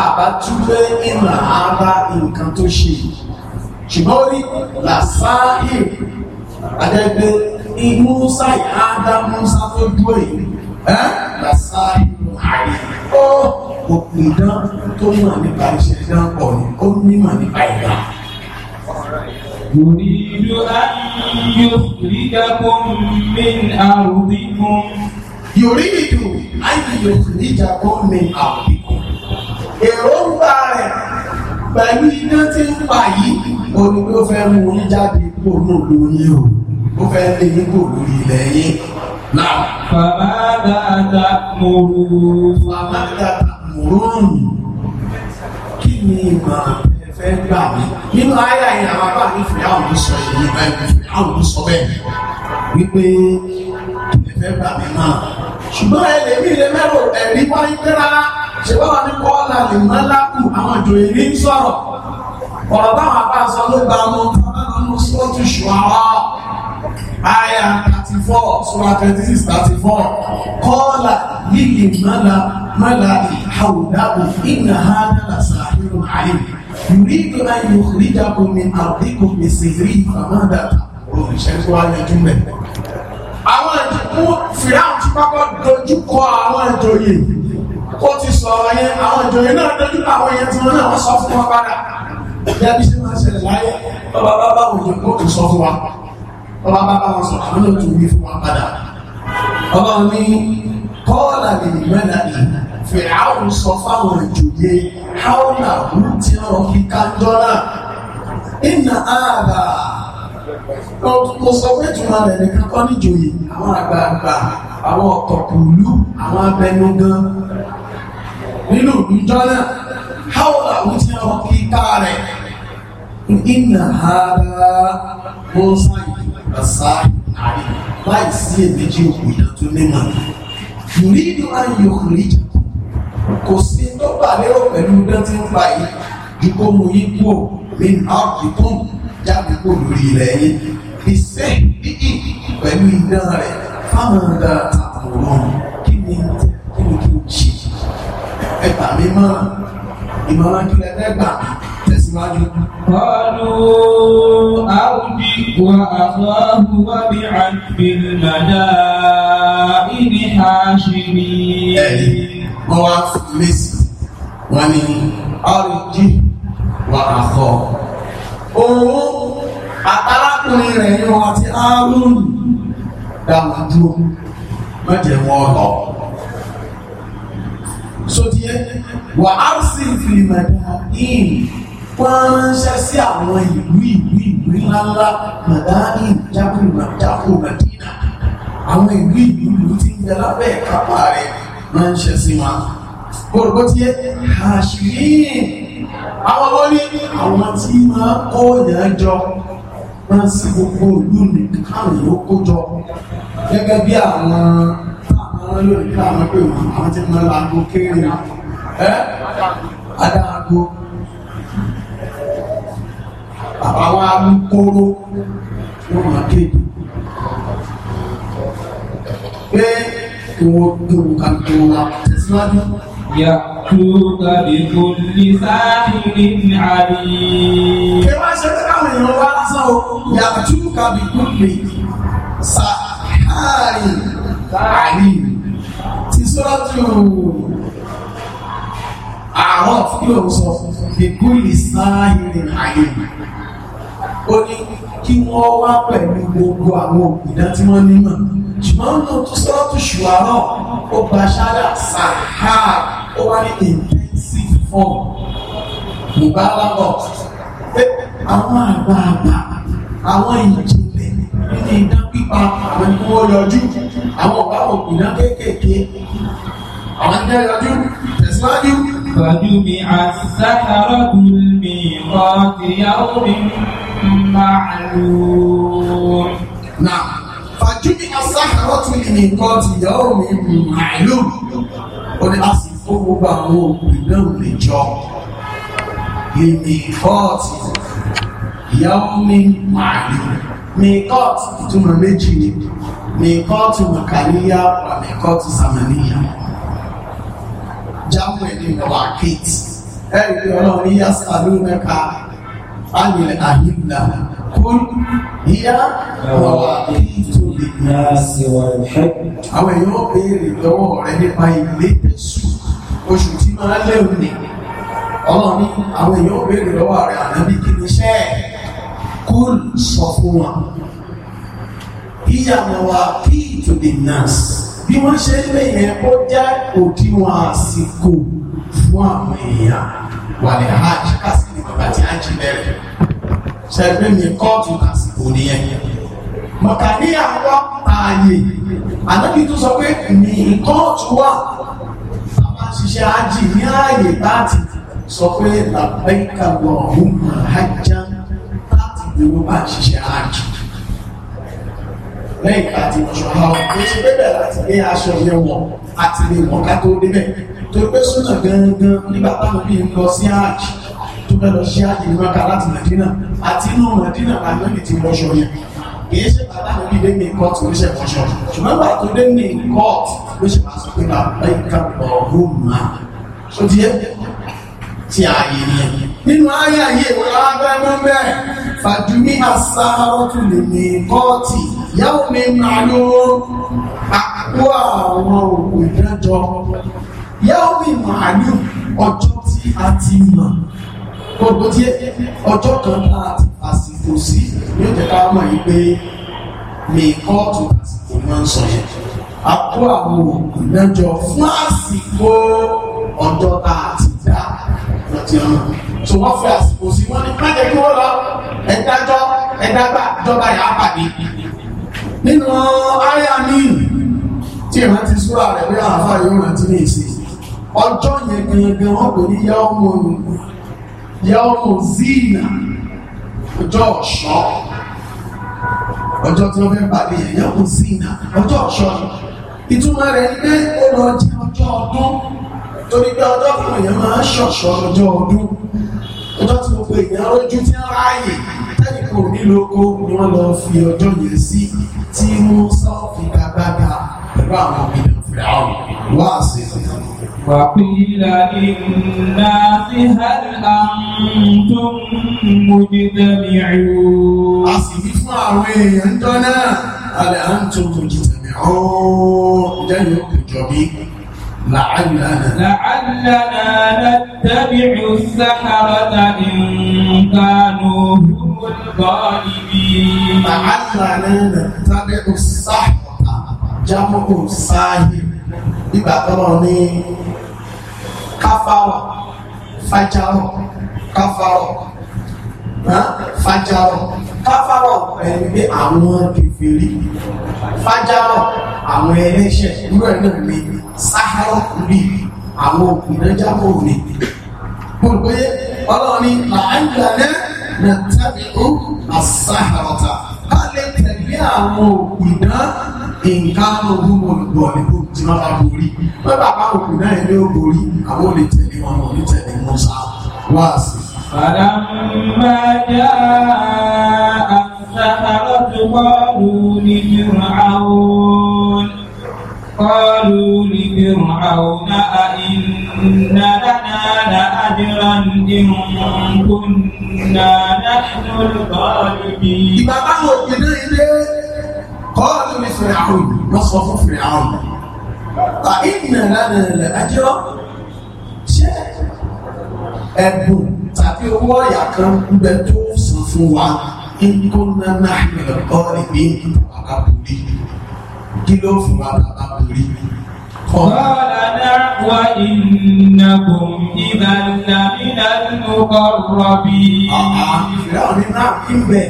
A: àbájúlé ìlà ara nǹkan tó ṣe ṣùgbọ́n rí làṣáhì àdẹ́gbẹ́ inú sáyà ádámú sá tó dúró yìí làṣáhì àyè ó òpin idán tó mọ̀ nípa iṣẹ́ idán pọ̀ ní ó nímọ̀ nípa ìdá. يريد أن يخرجكم من أرضكم يريد أن يخرجكم من أرضكم èròǹgbà rẹ̀ pẹ̀lú iná tí ń pa yìí òní ló fẹ́ mú un jáde kó nù lóyún o ó fẹ́ lé ní kò lórí ilẹ̀ yín náà. bàbá dáadáa mo rò. bàbá dáadáa mo rò. kí ni ìmọ̀ràn fẹ́ gbà mí nínú àyà yẹn àwọn bá mi fìyà òun sọ èyí bá mi fìyà òun sọ bẹ́ẹ̀ wípé ẹ fẹ́ gbà mí náà ṣùgbọ́n ẹlẹ́mí ilé mẹ́rò ẹ̀rí wáyé pé rárá ṣe báwa ní kọ́ọ̀lá lè má lákù àwọn ìjòyè ní sọ̀rọ̀ ọ̀rọ̀ táwọn apá sọ ló gba ọmọ fọlọ́nà ní sọ́ọ̀tù ṣùwárọ̀ àyà thirty four sura twenty six thirty four kọ́ọ̀lá lílì mọ́lá mọ́lá ìhàwùdáwò ìnáhà dàlàsà ìrùn àyè yùrídù ayùrídàkùn mi àdínkù mi sì rí ìfàmọ́dà òrìṣẹ́ tó wá yanjú mẹ́. àwọn ìdìbò fìdáhùn ti pápá dojú kọ àwọn ìjòyè ó ti sọ̀rọ̀ yẹn àwọn ìjòyè náà dojú kọ àwọn yẹn tí wọ́n náà wọ́n sọ fún wọn padà. ìyá bí ṣe máa ṣẹlẹ̀ láyé bàbá bàbá òjò kó tó sọ fún wa bàbá bàbá wọn sọ àwọn náà tó wí fún wa padà. ọlọ́run ní kọ́ọ̀lá lè mẹ́ta ìlú fìràwù sọ fáwọn ìjòyè haúnà rúti ọ̀rọ̀ kíkà dọ́là ìnà ààbà mo sọ pé ìtura rẹ̀ nìkan kọ́ níjòyè àwọn àgbààgbà àwọn ọ̀tọ̀kùlú àwọn abẹnugan nínú ìlú dọ́là haúnà rúti ọ̀rọ̀ kíkà rẹ̀ ìnà ààbà bọ́sà ìgbàsá àrí láì sí èméjì òkú ìdájọ́ mímọ́ yòrí ìlú ayọ̀ kìrìjà kò sí tó lérò pẹ̀lú dán ń fa yìí ju kó mu yín kúrò ní áàpù tó jáde kó lórí ilẹ̀ yín ìṣe dídì pẹ̀lú idán rẹ̀ fáwọn ọ̀gá àtàkùnrán kí ni kí ni kí o ṣe
B: ẹgbà mi mọ́ ìmọ̀ràn kí lẹ dẹ́gbà tẹ̀síwájú. Kọ́lù àwùjí wa àfọ́hù wá bí àgbèrè màdá ìní àṣírí wọ́n wá fèsì
A: wọ́n ní ọ́rìjì wà àkọ́ owó àtàlákùnrin rẹ̀ ni wọn àti àrùn dáwọn dúró mẹ́jẹ̀ wọn lọ sódíẹ́ wà á sì fi mẹ́ta ìhìn wọ́n ránṣẹ́ sí àwọn ìlú ìlú ìlú ńláńlá màdáàní jákùnrin jákùnrin màdínà àwọn ìlú ìlú ìlú ti ń yẹ lábẹ́ ìkápá rẹ̀ máa ń ṣe sí wa orúkọ tí yẹ hashim àwọn olórí àwọn tí máa kó yẹn jọ máa ń sí gbogbo ìlú ní káwọn yóò kó jọ gẹ́gẹ́ bí àwọn táwọn yóò ní káwọn pé wọn àwọn tí máa láago kéré ẹ adáago àwọn alukóró wọn máa kéde kí wọ́n gbé wọn ká gbé wọn wá tẹ̀síwájú. Yàtúkà bí kò ní sáàkiri ní àrí. Ẹ máa ṣe pé káwọn èèyàn wá lásán o. Yàtúkà bí kò ní sàárì. Sàárì. Ti sọ́rọ́ tí o àwọn tí ó sọ ìkú ìsáyìnrìn àyè ó ní kí wọ́n wá pẹ̀lú gbogbo àwọn òpìdá tí wọ́n nímọ̀ ṣùgbọ́n nínú tó sọ́rọ́ tó ṣùwà náà ó gba ṣáàdà sàhà ó wá ní intensive form ìbálàbọ̀ pé àwọn àgbààgbà àwọn ìjìnlẹ̀ nínú iná pípa àwọn ìlú ọyọjú àwọn ọ̀gá òkú iná kéékèèké àwọn ìjẹ́ yọjú tẹ̀síwájú.
B: Ìgbàjú mi àti sákàrọ̀ dùn mí kọ́ tìyàwó mi
A: máa lò. Náà fàjúbí asáhàrọ́tù ìní nǹkan ti ìyàwó mi màálù ó ní a sì fún gbogbo àwọn òkùnrin náà lè jọ ìní fọ́ọ̀tì ìyàwó mi màálù mìíkọ́ọ̀tì ìtumọ̀ méjì ni mìíkọ́ọ̀tì màkàníyà wà mìíkọ́ọ̀tì sàmàníyà jáwé ní wàkìtì ẹ̀rí pé ọlọ́run yíyá sí àlùmẹ́ka ánìlẹ̀ àhìlá kún ìyá ọ̀wà èyí tó lè yá síwá ìfẹ́. Àwọn èèyàn béèrè lọ́wọ́ rẹ nípa ilé tẹ̀sù oṣù tí máa lẹ́rù ni. Ọlọ́run ní àwọn èèyàn béèrè lọ́wọ́ rẹ ànábì kí ni iṣẹ́ ẹ̀ kún sọ fún wa. Ìyá ọ̀wà èyí tó lè nọ́ọ̀sì. Bí wọ́n ṣe ń lè yẹn ó jẹ́ òdiwọ̀n àsìkò fún àwọn èèyàn wà ní hajj kásìkò bàbá tí hajj bẹ̀rẹ̀ ṣẹ̀gbẹ́ mi kóòtù tàsìkò nìyẹn mọ̀kàníyà wá ààyè ànábì tó sọ pé mi kóòtù wà bàbá ṣiṣẹ́ ájì ní ààyè láti sọ pé làbẹ́kà lọ ọ̀hún àhájá láti gbèrò bá ṣiṣẹ́ ájì lẹ́yìn àti ìṣọ̀há ọ̀hún ṣe bẹ́bẹ̀ láti lé aṣọ yẹn wọ̀ àti lè wọ̀n ká tó débẹ̀ torí pé súnà gangan nígbà táwọn bí ń lọ sí ájì tó bẹ́ẹ̀ lọ ṣe àjì mọ́ka láti Mẹ̀dínà àti inú Mẹ̀dínà pàlọ́nì ti wọ́ṣọ yẹn kìí ṣe bàbá mi bí lẹ́mí kọ́ọ̀tù ló ṣe wọ́ṣọ ṣùgbọ́n bàbá tó lẹ́mí kọ́ọ̀tù ló ṣe máa sọ pé bàbá ìka ọ̀hún máa ó ti yẹ ti ààyè yẹn nínú ayé ayé wọn lábẹ́ mọ́ bẹ́ẹ̀ fàdúmí àsáárọ́tù lè ní kọ́ọ̀tì yàwó mi máa ló àpò àwọn òkú ìdájọ́ yàwó mi máa ló ọjọ́ tí a ti mọ̀ gbogbo tí ọjọ́ kan náà ti àsìkò sí yóò jẹ́ ká mọ̀ yí pé mi kóòtù àsìkò máa ń sọ yẹn a kó àwọn òkú mẹ́jọ fún àsìkò ọjọ́ tá a ti dá lọ́tí ọ̀nà tó wọ́n fi àsìkò sí wọ́n ní má jẹ́ kí wọ́n lọ ẹ̀dájọ́ ẹ̀dágbà ìjọba yà á pàdé nínú àyà mi tí ìrántí súra rẹ̀ bí àwọn afáàyè ìrántí ní ìsìn ọjọ́ yẹn gangan wọ́n kò ní yá ọmọ òun yàwó zina ọjọ́ ọ̀ṣọ́ ọjọ́ tí wọ́n fẹ́ pàdé yẹn yàwó zina ọjọ́ ọ̀ṣọ́ ìtumọ̀ rẹ̀ ní pé ó lọ jẹ́ ọjọ́ ọdún torí pé ọjọ́ fún èèyàn máa ń ṣọ̀ṣọ́ ọjọ́ ọdún ọjọ́ tí gbogbo èèyàn lójú tí ń ráàyè tẹ́lifù nílòókó ni wọ́n lọ fi ọjọ́ yẹn sí tí mú sọ́ọ̀fì gbàgbàgbà pẹ̀lú àwọn ìdàgbà wá sí ìdàgbà. وقيل للناس
B: هل أنتم مجتمعون
A: àsìkí fún àwọn èèyàn ń dọ́nà alẹ́ àǹtún kò لعلنا
B: لعلنا نتبع السحرة إن كانوا هم الغالبين لعلنا نتبع السحرة
A: جمع صاحب إذا ترى káfárọ̀ fàjárọ̀ káfárọ̀ fàjárọ̀ káfárọ̀ ẹni pé àwọn kèfèrí fàjárọ̀ àwọn ẹlẹ́ṣẹ̀ ìwúrẹ̀ náà ní sáhárọ̀ rí àwọn òpìnájábò rí gbogbo ọlọ́ọ̀ni làájúlẹ̀ na tẹ́bí ó àsáhárọ̀ta ká lè tẹ̀lé àwọn òpìnájábò nǹkan ogun olùgbò ọ̀nìkò tí wọ́n bá borí wọ́n bá bá òkú náà ilé ó borí àwọn olè tẹ̀lé wọn ò ní tẹ̀lé Musa wá sí. Fàdámà já
B: àṣàrò tó kọ́lù ní Fir'aun kọ́lù ní Fir'aun àìnà dáná na àdìrà ìrùn kùnà náà lọ́lù
A: bí. Ìgbà báwo ìdí ilé kọ́ọ̀lù ní fìràhùn wọ́n sọ fún fìràhùn ta ìnà lánà ilẹ̀ ajọ́ ṣé ẹ̀bùn tàbí owó ọ̀yà kan ń bẹ tó sàn fún wa nkúnná náà nílò kọ́ọ̀lù ní àbábùrí kí ló fún wa àbábùrí. Kọ́lá náà wá ìnàkùn ìbànú ìdánimọ̀ kọ̀ọ̀rọ̀ bíi. Àwọn ìfìlà òní náà ń bẹ̀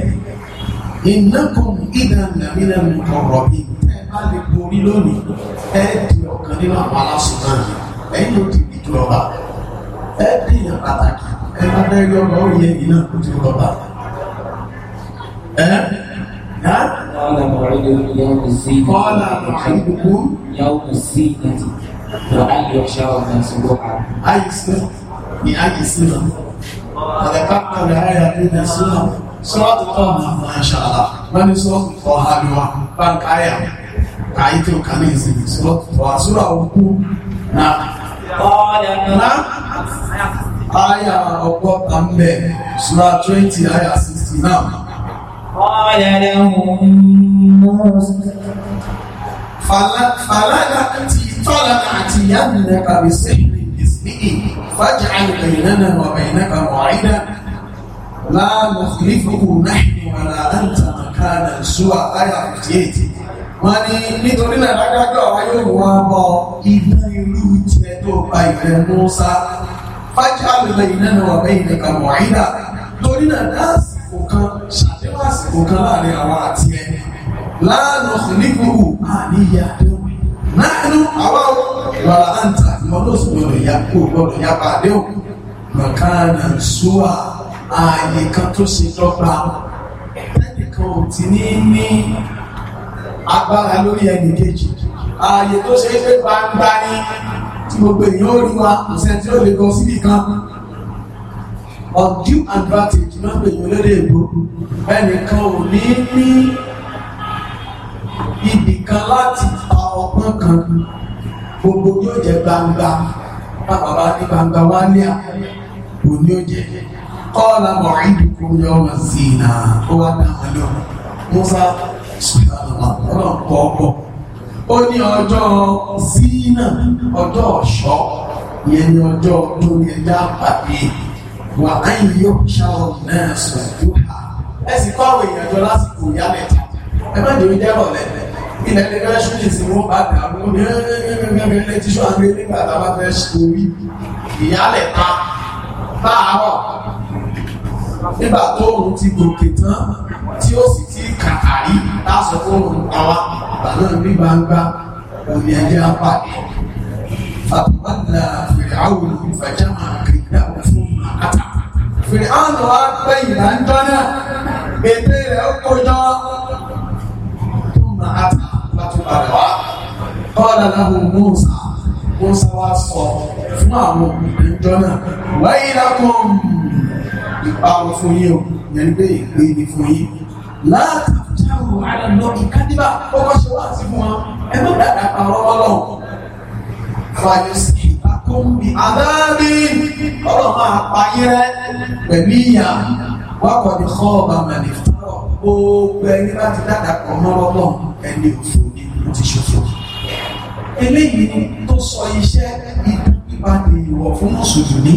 A: ìnákùn ìdáná nílẹ̀ mú ọ̀rọ̀ bí ẹ bá lè borí lónìí ẹ di ọ̀kan nínú àwọn aláṣùn náà yìí ẹ̀yìn ló ti di ìjọba ẹ dèèyàn pàtàkì ẹ bá dẹ́rẹ́ ọmọ òye yìí náà kó ti lọ bá ẹ ẹ. Kọ́lá mọ̀rẹ́dọ̀ yóò kù sí ìdí. Kọ́lá mọ̀rẹ́dọ̀ yóò kù sí ìdí. Wà á yọ ṣá ọ̀gá ṣùgbọ́n àwọn. Ayé sílẹ̀ ni ayé sílẹ̀. Àgbẹ̀ká pàdé ayé àbí ìdásílẹ̀ sọ́ọ̀tù tọ́ masha Allah wọ́n ní sọ́ọ̀tù tọ́ àdúrà báńkì àyà àyè tí o kà ní ìsìn sọ́ọ̀tù tọ́ àsúrà òkú na na àyà ọgọ́ta ń bẹ̀ sura twenty àyà sixty náà.
B: قال لهم موسى فلنأتينك فلا بسحر مثله
A: فاجعل بيننا وبينك موعدا لا nukhlifuhu نحن ولا أنت مكانا sua aya fifty eight wọ́n ní nítorí náà lágbájọ́ àwa yóò wá bọ iná irú tiẹ̀ tó gba ìfẹ́ Mùsá fájà lulẹ̀ iná náà wà bẹ́yìn nípa mọ̀ọ́yìnà torí náà dáàsìkò kan ṣàdéhùn àsìkò kan láàrin àwa àti ẹ la nukhlifuhu àníyàdéhùn nánú àwa àǹtà ìwọ lóṣù yá kó gbọdọ̀ yá bá àdéhùn makana sua ààyè kan tó ṣe dọ́gba tẹ́nìkan ò ti ní ní agbára lórí ẹnì kejì ààyè tó ṣe é pé gbangba ni tí gbogbo èèyàn ò rí wa kò sẹ́ni tí ó lè gan síbì kan undue advantage náà lè yọ lédè èbó ẹnìkan ò ní ní ibì kan láti ta ọgbọ́n kan gbogbo yóò jẹ gbangba bàbá bá ní gbangba wá ní àná òní ò jẹ kọ́ọ̀lá bọ̀ ìdíkùn yọ ọmọ sí i náà ó wá dá wọn lọ musa sùgbọ́nà ọ̀nà kọ̀ọ̀kọ̀ ó ní ọjọ́ sí i náà ọjọ́ ọ̀ṣọ́ ìyẹn ní ọjọ́ ọdún ẹja pàdé wà áyìn yóò ṣàwọn náà sùn tó hà ẹ sì kọ́ àwọn èèyàn jọ lásìkò ìyálẹ̀ta ẹ má dèmi dẹ́rọ̀ lẹ́lẹ̀ ilẹ̀ ní bẹ́ẹ̀ ṣúlì sí wọ́n bá dà mú ní ẹgbẹ̀rẹ̀ tí ṣọ́ àgbẹ̀ nígbà táwọn fẹ́ ṣe orí ìyálẹ̀ta báàárọ̀ nígbà tó òun ti gòkè tán tí ó sì ti kàkàrí láṣọ tó òun pa wá ìgbà náà ní gbangba òní ẹjẹ apàdé fàtàmàdà fèrè àwọn olùfàjámà kìdá fún àkàtà fèrè àwọn wa pé ìlà ń dọ́nà ètè rẹ̀ ó kọjọ́ tó mà á ta láti padà wá kọ́ọ̀dà náà Mùsá Mùsá wa sọ fún àwọn ìdíjọ́ náà wáyé lákọ̀ọ́ àwọn fún yín o yẹn pé ìpè ní fún yín láti jáwò ara lọ́kì kádìbà kọ́kọ́ ṣe wá sí fún wọn ẹ má dàda àwọn ọlọ́run fàyè sí ìbákọ́mbì àdáàbí ọlọ́run máa pa yín rẹ pẹ̀lú ìyá wákọ̀ ní kọ́ ọba mẹ́lẹ̀ fúnrọ̀ gbogbo ẹni láti dàda pọ̀ mọ́ ọlọ́run ẹni òfò ni mo ti ṣòfò eléyìí tó sọ iṣẹ́ ìdúpípa ni ìwọ̀ fún mùsùlùmí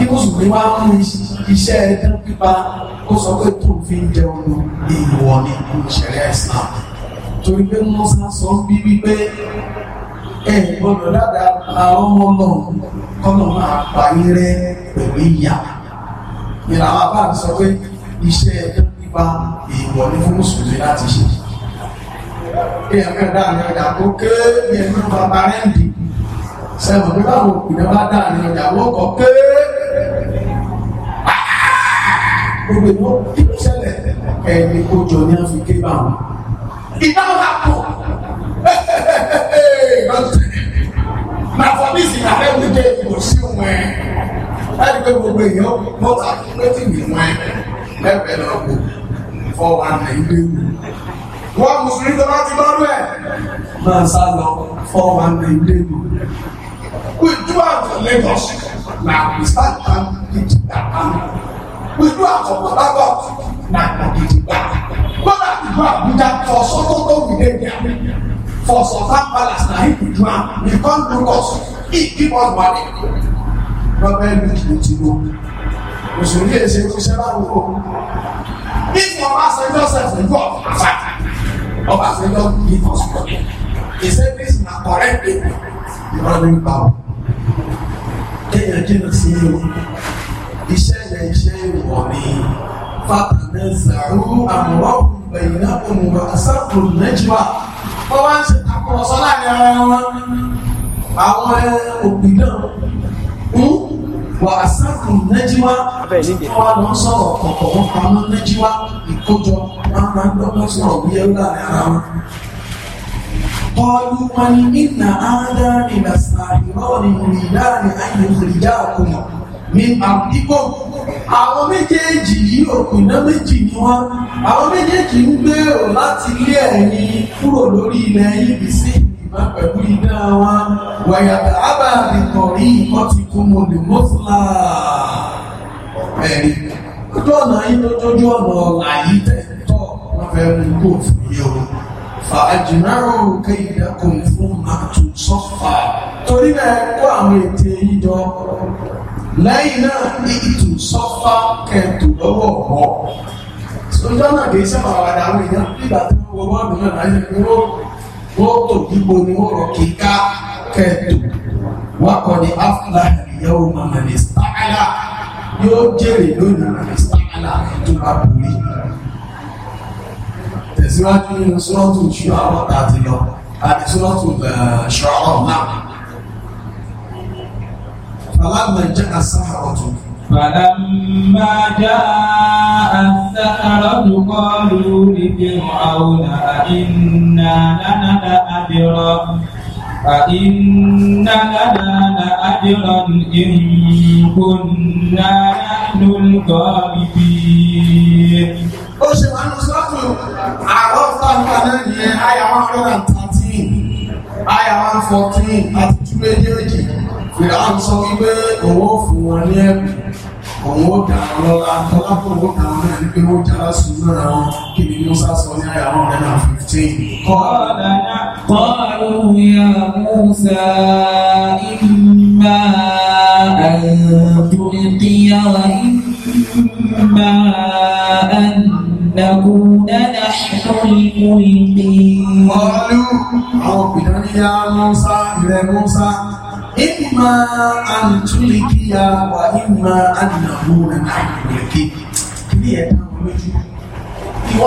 A: kí mùsùlùmí wá mú iṣẹ́ ẹ̀dán pípa ó sọ pé tó fi ń jẹ ọmọ ní ìwọ ní ìṣẹ̀lẹ̀ Islam torí pé Musa sọ bí wípé ẹ gbọ́dọ̀ dáadáa àwọn ọmọ náà kọ́nà máa pa irẹ́ pẹ̀lú ìyá ìràwọ̀ bá sọ pé iṣẹ́ ẹ̀dán pípa ìwọ ní fún mùsùlùmí láti ṣe èèyàn kan dáàrin ọjà tó kéré ní ẹgbẹ́ bàbá rẹ̀ ń dì sẹ́wọ̀n nígbà wo ìjọba dáàrin ọjà wọ́n kọ́ kéré gbogbo ìwọ kí ló ṣẹlẹ̀ ẹni kó jọ ní àfi ké bá wọn. ìdá wà pọ̀ na for this na every day you go see wọn ẹ ẹni pé gbogbo èèyàn wọn bá lọ́tì ní wọn ẹ lẹ́bẹ̀ẹ́ lọ kó fọ́ wa nà ilé wù. wọ́n mùsùlùmí tó bá ti lọ́rù ẹ̀ máa sá lọ fọ́ wa nà ilé wù. we do have the Lagos na we start am with that hand pẹ̀lú àwọn bàbá náà àdìgbà lọ́dà ìlú Àbújá tọ sọ́tọ́tọ́ wìlẹ́ẹ̀dì for Sultan Palace na him dey do am he come look us he give us money government meet with Tinubu òṣèlú èsè ìfúnṣẹ́ láwọn ò if Ọbásanjọ́ sef dey go up afa Ọbásanjọ́ give us money he say this na correct thing the running power kéèyàn jìnnà sí iṣẹ́ yẹn iṣẹ́ ìwọ̀ ni fàtàlẹ́ zàrú àmọ́ ìgbẹ̀yìn náà kò mú wa sáàpù nẹ́jùwà ó wá ń ṣe àkọsọ láàrin ara wọn àwọn òbí náà wà sáàpù nẹ́jùwà wọn lọ sọ̀rọ̀ kọ̀kọ̀ wọn pamọ́ nẹ́jùwà ìkójọ máa máa ń dọ́gbọ́n sọ̀rọ̀ bí ẹrú láàrin ara wọn. قالوا قل إن آذان لساحران يريدان أن يخرجاكم ní àdúgbò àwọn méjèèjì yìí òpìnà méjì ni wọ́n àwọn méjèèjì ń gbèrò láti lé ẹ̀yin kúrò lórí ilẹ̀ ibi sí ìgbà pẹ̀lú iná wọn wẹ̀yàtà ábàdìkọ̀rí ìkọ́ ti kún mọ́ lè mọ́sùlá ẹ̀rí ojú ọ̀nà yìí tó ọ̀nà ọ̀la yìí tẹ̀tọ́ wọ́n fẹ́ mú kó fún o fún màtún sọ́fà torí kó àwọn yìí jọ lẹ́yìn náà ní ìtù sọ́fà kẹtù lọ́wọ́ ọ̀pọ̀ sọjọ́ náà kì í sábà wà dáhùn èèyàn nígbà tí wọ́n wọ́n dùn náà láyé pé wọ́n wọ́n tò yípo ni wọ́n rọ kíká kẹtù wọ́n kọ́ ni afúlá ìyàwó màmá ní sàkálà yóò jèrè lónìí àti sàkálà tó bá tẹ̀síwájú nínú sọ́ọ̀tù ṣùgbọ́n àwọn tààtì lọ àti sọ́ọ̀tù ṣọ́ọ̀ náà.
B: فلما جاء السحرة فلما جاء السحرة قالوا لفرعون أئنا لنا لأجرا فإن لنا لأجرا إن كنا نحن الغالبين.
A: ó ṣe máa ń sọ́kù àwọn fáńtà náà ní àyà one hundred and thirteen àyà one fourteen àti two méjèèjì fìràn sọ wípé òun ò fún wọn ní ẹ̀kú òun ó dà wọn lọ́la tọ́lápọ̀ ó dà wọn ní pé ó jára sùn náà kí ni Musa
B: sọ ní àyà wọn rẹ̀ náà fifteen. kọ́ọ̀lá قالوا يا موسى إما أن تلقي وإما أن نكون نحن الملقين قالوا
A: ربنا يا موسى إلى موسى ìmà àǹtúlìkìyà wa ìmà àdìnàwó na ìrìnàkè ní ẹ̀dá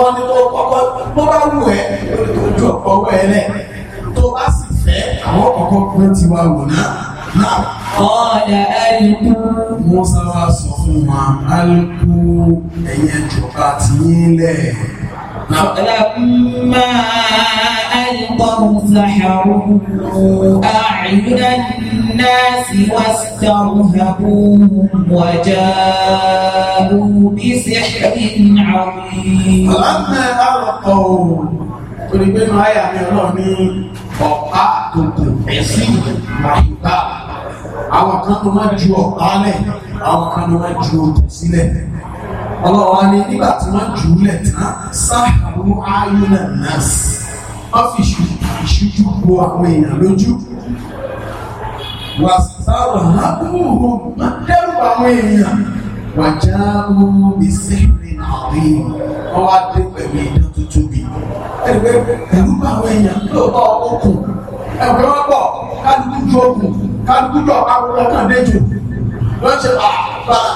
A: olójú ìwọ ni tó kọ́kọ́ bó bá wù ẹ́ ojú ọ̀pọ̀ ọwọ́ ẹ rẹ̀ tó bá sì fẹ́ àwọn kọ̀ọ̀kan kúrò ti wá wò náà náà. ọ̀dà ẹ̀lùkú. Mùsá wá sọ fún wa alùkú ẹ̀yẹ jọba tìyín lẹ̀. Lákùnmáà.
B: القوا سحروا أعين الناس
A: واسترهبوهم وجاءوا بسحر عظيم فلما ألقوا torí pé nu àyà mi ọlọ́run ní ọ̀pá tòkò ẹ̀sìn màyíká àwọn kan tó máa ju ọ̀pá lẹ̀ àwọn kan tó máa ju òkò sílẹ̀ ọlọ́run wa ní nígbà tí wọ́n jù ú lẹ̀ tán sáà ló áyún náà nọ́ọ̀sì wọ́n fi ìṣújú bo àwọn èèyàn lójú wàsáwà ábúhù máa dẹ́rù àwọn èèyàn wàjá mú mi sẹ́rìn àárín wọ́n wá dé pẹ̀lú ìdán tó tóbi ẹgbẹ́ ẹ̀rú bá àwọn èèyàn lóòótọ́ okùn ẹgbẹ́ wọn pọ̀ kálukú ju okùn kálukú ju ọ̀pá wọn lọ́kàn déjò wọ́n ṣe àbá ah,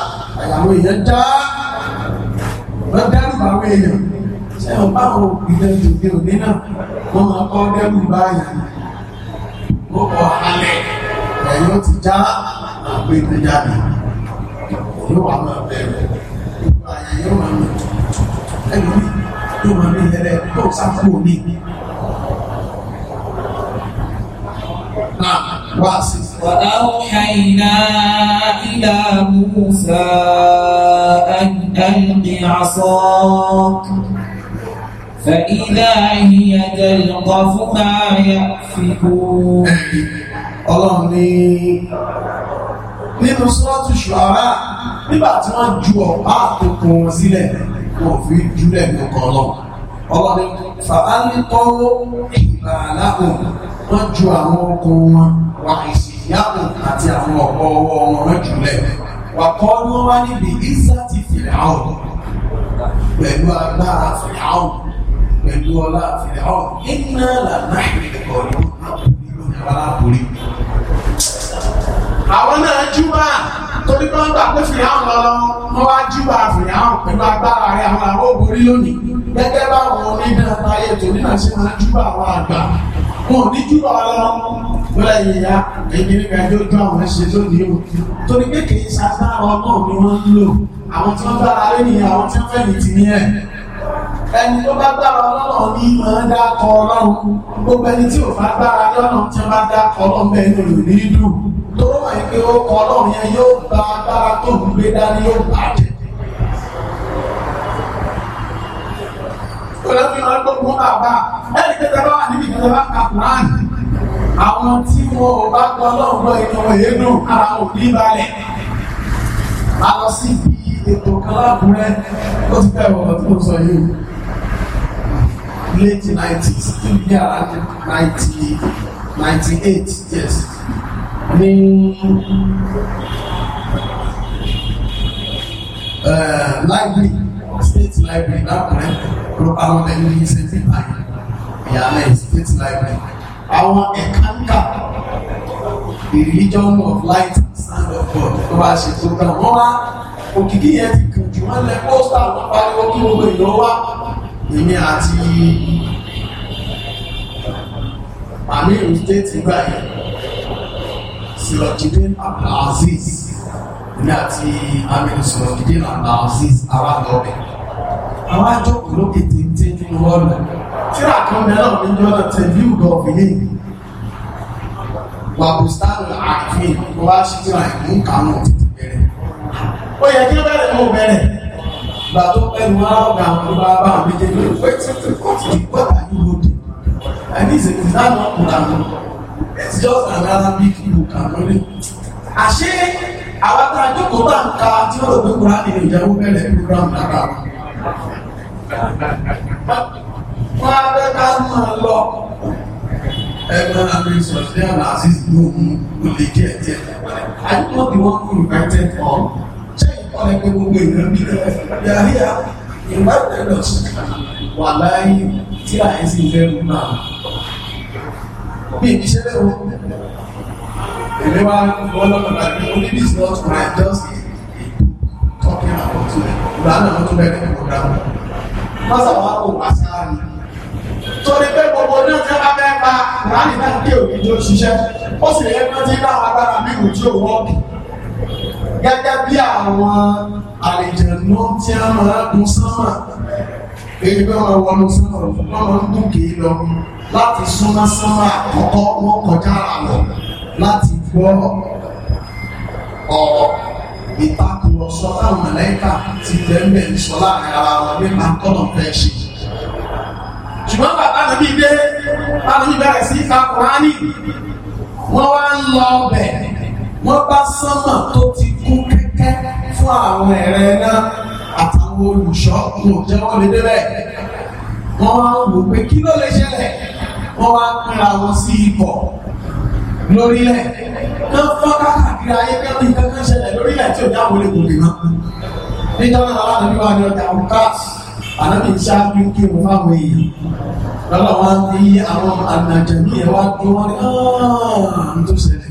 A: àwọn èèyàn dá wọ́n dẹ́rù àwọn èèyàn ṣé o bá wọn ìlẹ̀ tòde òní náà wọ́n máa kọ́ dẹ́rù báyìí ó kọ́ alẹ́ ẹ̀yọ́ ti já àgbé ìgbéjáde yóò wà máa bẹ̀rẹ̀ gbogbo àyà máa mi ẹ̀yọ́ mi yóò máa mi lẹ́lẹ́ tó sáfù òní. وأوحينا
B: إلى موسى أن ألق عصاك فإذا هي تلقف
A: ما يأفكون ọlọ́run ní nínú sọ́ọ̀tù ṣùgbọ́n nígbà tí wọ́n ju ọ̀pá àtòkò wọn sílẹ̀ wọ́n fi jùlẹ̀ lọ́kọ̀ ọlọ́run ọlọ́run fàálítọ́wọ́ ìgbà aláhùn wọ́n ju àwọn ọkọ̀ wọn wà ìsìyàwó àti àwọn ọ̀pọ̀ ọwọ́ wọn wọ́n jùlẹ̀ wà kọ́ ní wọ́n wá níbi ìsá ti fìyàwó pẹ̀lú agbára fìyàwó pẹ̀lú ọlá àfihàn ọ̀ iná lànà ẹ̀kọ́ ni àwọn náà júbà torí pé wọ́n gbà pé fìyàwó lọ́lọ́ wọ́n wá júbà fìyàwó pẹ̀lú agbára rẹ̀ àwọn àwọn òbórí lónìí gẹ́gẹ́ báwọn onídàá táyé tòní náà ṣe máa júbà àwọn àgbà wọn ò ní júbà ọlọ́run wọ́n yẹ ya ẹ̀yìn nígbà tó dún àwọn ẹ̀ṣẹ̀ lónìí o torí pé kì í ṣàtàrọ̀ náà ni wọ́n ń lò àwọn tí wọ́n bára lé nìyẹn àwọn tí wọ́n fẹ́ ẹni tó bá gbára ọlọ́run ní máa dákọ ọlọ́run gbogbo ẹni tí ò bá gbára ọlọ́run tí wọ́n bá dákọ ọlọ́run bẹ́ẹ̀ ni òní dùn tó wà ní pé ó kọ ọlọ́run yẹn yóò bá agbára tó ń gbé dání yóò bàjẹ́. Ìjọba fi hàn gbogbo bàbá ẹni pé tẹ bá wà níbi ìjọba bá ka Kùránì. Àwọn tí wọn ò bá gbọ́ ọlọ́run lọ ìjọba èédùn ara ò ní balẹ̀. A lọ sí ibi ètò kan láàbù rẹ̀ ó ti fẹ́ wọ̀ ọ́ tó sọ yìí late 90s, ara ninety ninety yes ní uh, library state library lápẹ̀rẹ̀ àwọn ẹni ìṣẹ́jú báyìí ìyàlẹ̀ state library àwọn ẹ̀ka ń kà the religion of light and sound of God tó bá ṣe tó kàn wọ́n wá òkìkí yẹn ti kàn jù wọ́n lẹ pósítà wọn pariwo kí gbogbo ìlú wá èmi àti àmírù stéètì gbà yẹn sirojidin abdulaziz èmi àti àmírù sirojidin abdulaziz ara lọ́bẹ̀ àwọn àjọkù lókè téńté nínú ọ̀nà tíra kan mẹ́rọ̀ mi ní ọ̀nà tẹ̀lé ìgbọ̀ ọ̀fìnì wàbùsítàrù àfihàn wá sí tíra ìmú kánú títí bẹ̀rẹ̀ ó yẹ kí ó bẹ̀rẹ̀ mú bẹ̀rẹ̀ ìgbà tó ẹnu àrọ̀gà àwọn bá bá àwọn méjèèjì pé títí kò tí ì gbọ́ àyè lòdì and this is not one Quran it's just an Arabic book àlọ́lé. àṣé àwa tá a jókòó bá ń ka tí wọ́n gbé Quran nínú ìjẹ́wọ́ bẹ̀rẹ̀ program lára wa. wọ́n á fẹ́ ká máa lọ ẹgbẹ́ abẹ́sọ̀tẹ́ àlàáfíà ló mú olè díẹ̀ díẹ̀. I don't know the one who invited all ọ̀rẹ́ pé gbogbo ìran bí lẹ́yìn yàrá ìwà ìdẹ́lọ́sì wà láyé tí àìsí fẹ́ mú náà bí ibi ṣẹlẹ̀ o èmi wá wọ́n lọ́nà láti only this not right just talking about it ìgbàlá ló tún bẹ̀rẹ̀ ní program mọ́sà wà ó àṣà ni torí pé gbogbo náà tí wọ́n fẹ́ pa láàrin náà dé òbí tó ṣiṣẹ́ ó sì yẹ kí wọ́n agbára mi kò tí ò wọ́ọ̀kì gẹ́gẹ́ bí àwọn àlejànú tí a máa gun sánmà èyí pé wọ́n wọnú sánmà wọ́n máa ń gòkè lọ láti súnmọ́ sánmà àkọ́kọ́ wọ́n kọjá àlọ́ láti gbọ́ ọ̀rọ̀ ìtakùrọ̀sọ táwọn mẹ̀lẹ́kà ti tẹ̀lé sọ láàrin ara wọn nípa tọ́nà fẹ́ ṣùgbọ́n bàbá mi bí dé bàbá mi bẹ̀rẹ̀ sí ka kùránì
C: wọ́n wá ń lọ ọbẹ̀
A: wọ́n bá sánmà tó ti kún kẹ́kẹ́ fún àwọn ẹ̀rẹ́ náà àtàwọn olùṣọ́ kò jẹ́ wọ́n lè débẹ̀ wọ́n wá ń wò pé kí ló lè ṣẹlẹ̀ wọ́n wá pínra wọn sí ikọ̀ lórílẹ̀ náà fọ́n káàkiri ayé kẹ́kọ̀ọ́ ìkankan ṣẹlẹ̀ lórílẹ̀ tí ò dáwọ́ lè gòkè náà nítorí àwọn àdúgbò àti ọjà òkàtì àlọ́kì ṣáájú kí mo fáwọn èèyàn lọ́lọ́ wá ní àwọn ànàjẹ̀mí ẹ̀ wá tó wọ́n ní ọ̀hún tó ṣẹlẹ̀.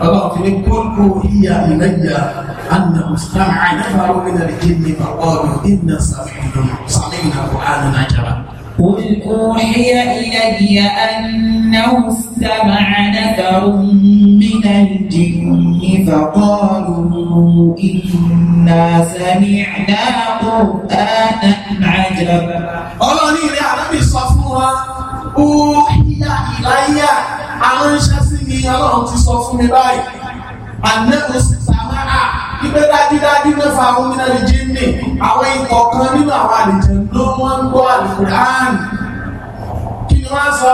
A: فباطن قلت هي الي انه استمع نفر من الجن فقالوا انا سمعنا قرانا عجبا قل
B: أوحي إلي أنه استمع نفر من الجن فقالوا إنا سمعنا
A: قرآنا
B: عجبا ọlọ́run
A: ilé àdébí sọ fún wa ó yíyá ni ọlọ́run ti sọ fún mi báyìí ànẹ́kù sàmà á ibẹ̀ dájúdájú mẹ́fà gómìnà lè jí ní àwọn ikọ̀ kan nínú àwọn àlejò ló wọ́n ń gbọ́ àlùkùránì kí ni wọ́n sọ.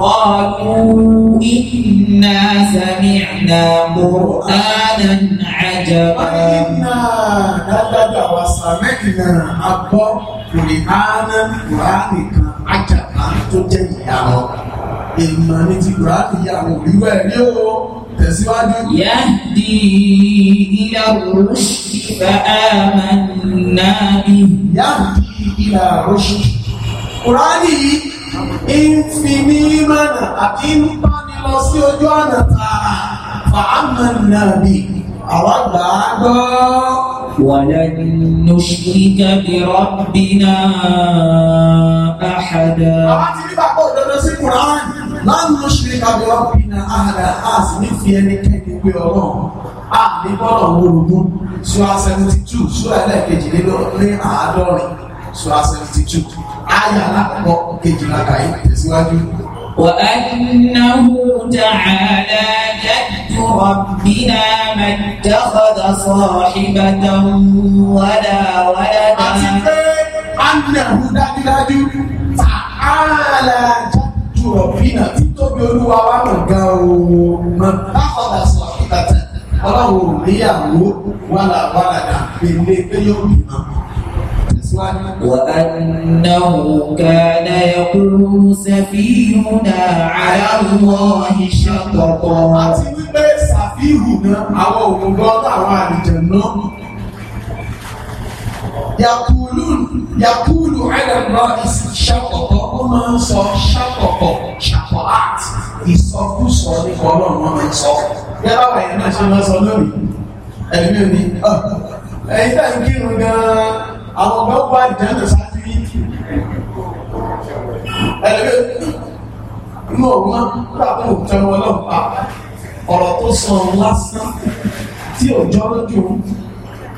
B: قالوا إنا سمعنا قرآنا عجبا إنا نبدأ وسمعنا
A: أكبر قرآنا قرآنا عجبا تجمع ìmọ̀ ní ti kùrá ìyàwó ìwé ní o tẹ̀síwájú.
B: yahdi ila rushdi fa amanna
A: bi. yahdi ila rushdi. kùránì yìí ń fi ní mọ̀nà àti ń bá ní lọ sí ojú ọ̀nà tààrà fa amanna bi. àwa gbà á gbọ́. ولن نشرك
B: بربنا أحدا
A: láàrin ṣe kábíyà ọ̀pìnà àhàdà àti nífi ẹnikẹ́ni pé ọlọ́run a ní bọ́lọ̀ wọ́rọ̀dún ṣúra 72 ṣúra ẹlẹ́ẹ̀kejì ní àádọ́rin ṣúra 72 ayà alákọ̀ọ́ kejìlá kàí tẹ̀síwájú.
B: وأنه تعالى
A: جد ربنا
B: ما اتخذ صاحبة ولا ولدا.
A: àti pé ànàhùn rọ̀bìnà títóbi olúwa wa mọ̀ gan ooo mọ̀ bákọ̀dà sọ àkíkàtà ọlọ́run ò níyàwó wàlà wàlà kà pèlè pé yóò bì
B: وأنه كان يقول سفيهنا
A: على الله شططا. àti wípé sàfihù náà àwọn máa ń sọ ṣàkọ̀kọ̀ ṣàkọ̀láàt ìsọkúsọ nípa ọlọ́run wọn máa ń sọ. yálà wà yẹn náà ṣe máa sọ lórí ẹ̀mí òní ẹ̀yìn tá ń kírun gan-an àwọn ọ̀gá wà dáná sáájú yìí. ẹ̀mí inú ọ̀gbọ́n nígbà tó ń tẹ́ wọn lọ́n pa ọ̀rọ̀ tó sọ lásán tí òjọ́ lójú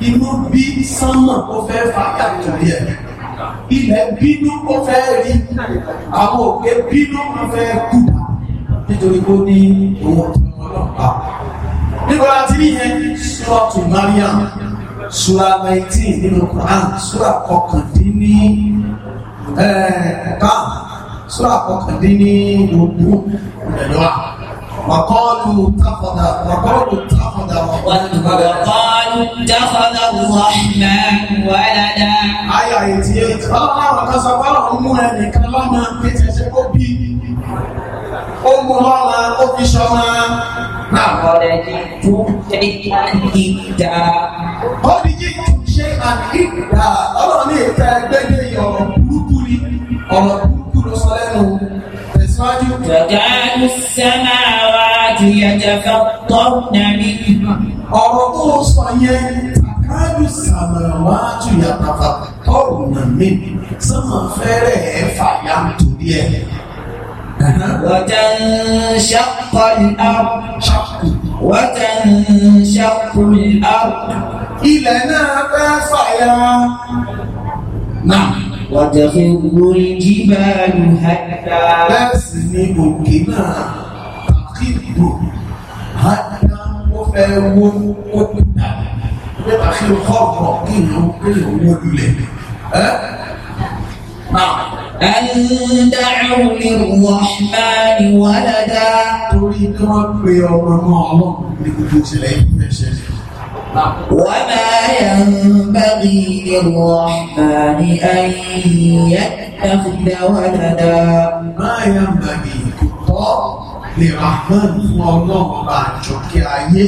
A: inú bí sánmà ó fẹ́ fà ẹ̀ ilẹ̀ bínú ó fẹ́ rí àwọn òkè bínú ó fẹ́ kú nítorí kó ní òun ọlọ́pàá nígbà láti rí yẹn sọ́ọ̀tù Mariam sura 19 nínú Quran sura kọkàndínní eh, ẹ̀ẹ́dẹ́gbà sura kọkàndínní gbogbo ìrẹ̀lọ́wà. وقالوا اتخذ وقالوا اتخذ وقالوا اتخذ الرحمن ولدا آية ايتيت الله كسب لهم من كلام كتشكبي ọmọ ọmọ ọfíṣọ máa náà ọ̀rẹ́ jìtú ṣe àìdá ọdí jìtú ṣe àìdá ọlọ́run ní ìta ẹgbẹ́gbẹ́ ọ̀rọ̀ burúkú ni تكاد السماوات يتفطرن منه ọ̀rọ̀ tó o sọ yẹn takáàdù sàmàwájú yàtàfà tọrọ nà mí sọmọ fẹrẹ ẹ fà yà nítorí ẹ.
B: وتنشق الأرض وتنشق الأرض ilẹ̀ náà fẹ́ fàyà وتخر الجبال حتى
A: باسم ممكنا تخر حتى وفاو وكنا nípa kí o kọ́ ọ̀rọ̀ kí ìlú kí ìlú wó lulẹ̀.
B: Ẹ̀ndàrún ni Rọ̀ṣmánì wàlàdá. Torí kí wọ́n
A: pe ọmọ náà ọlọ́run ní gbogbo ìṣẹ̀lẹ̀ ìfẹ́ ṣẹlẹ̀. وما ينبغي للرحمن أن يتخذ ولدا ما ينبغي lèràmán fún ọlọ́run bá àjọkẹ́ ayé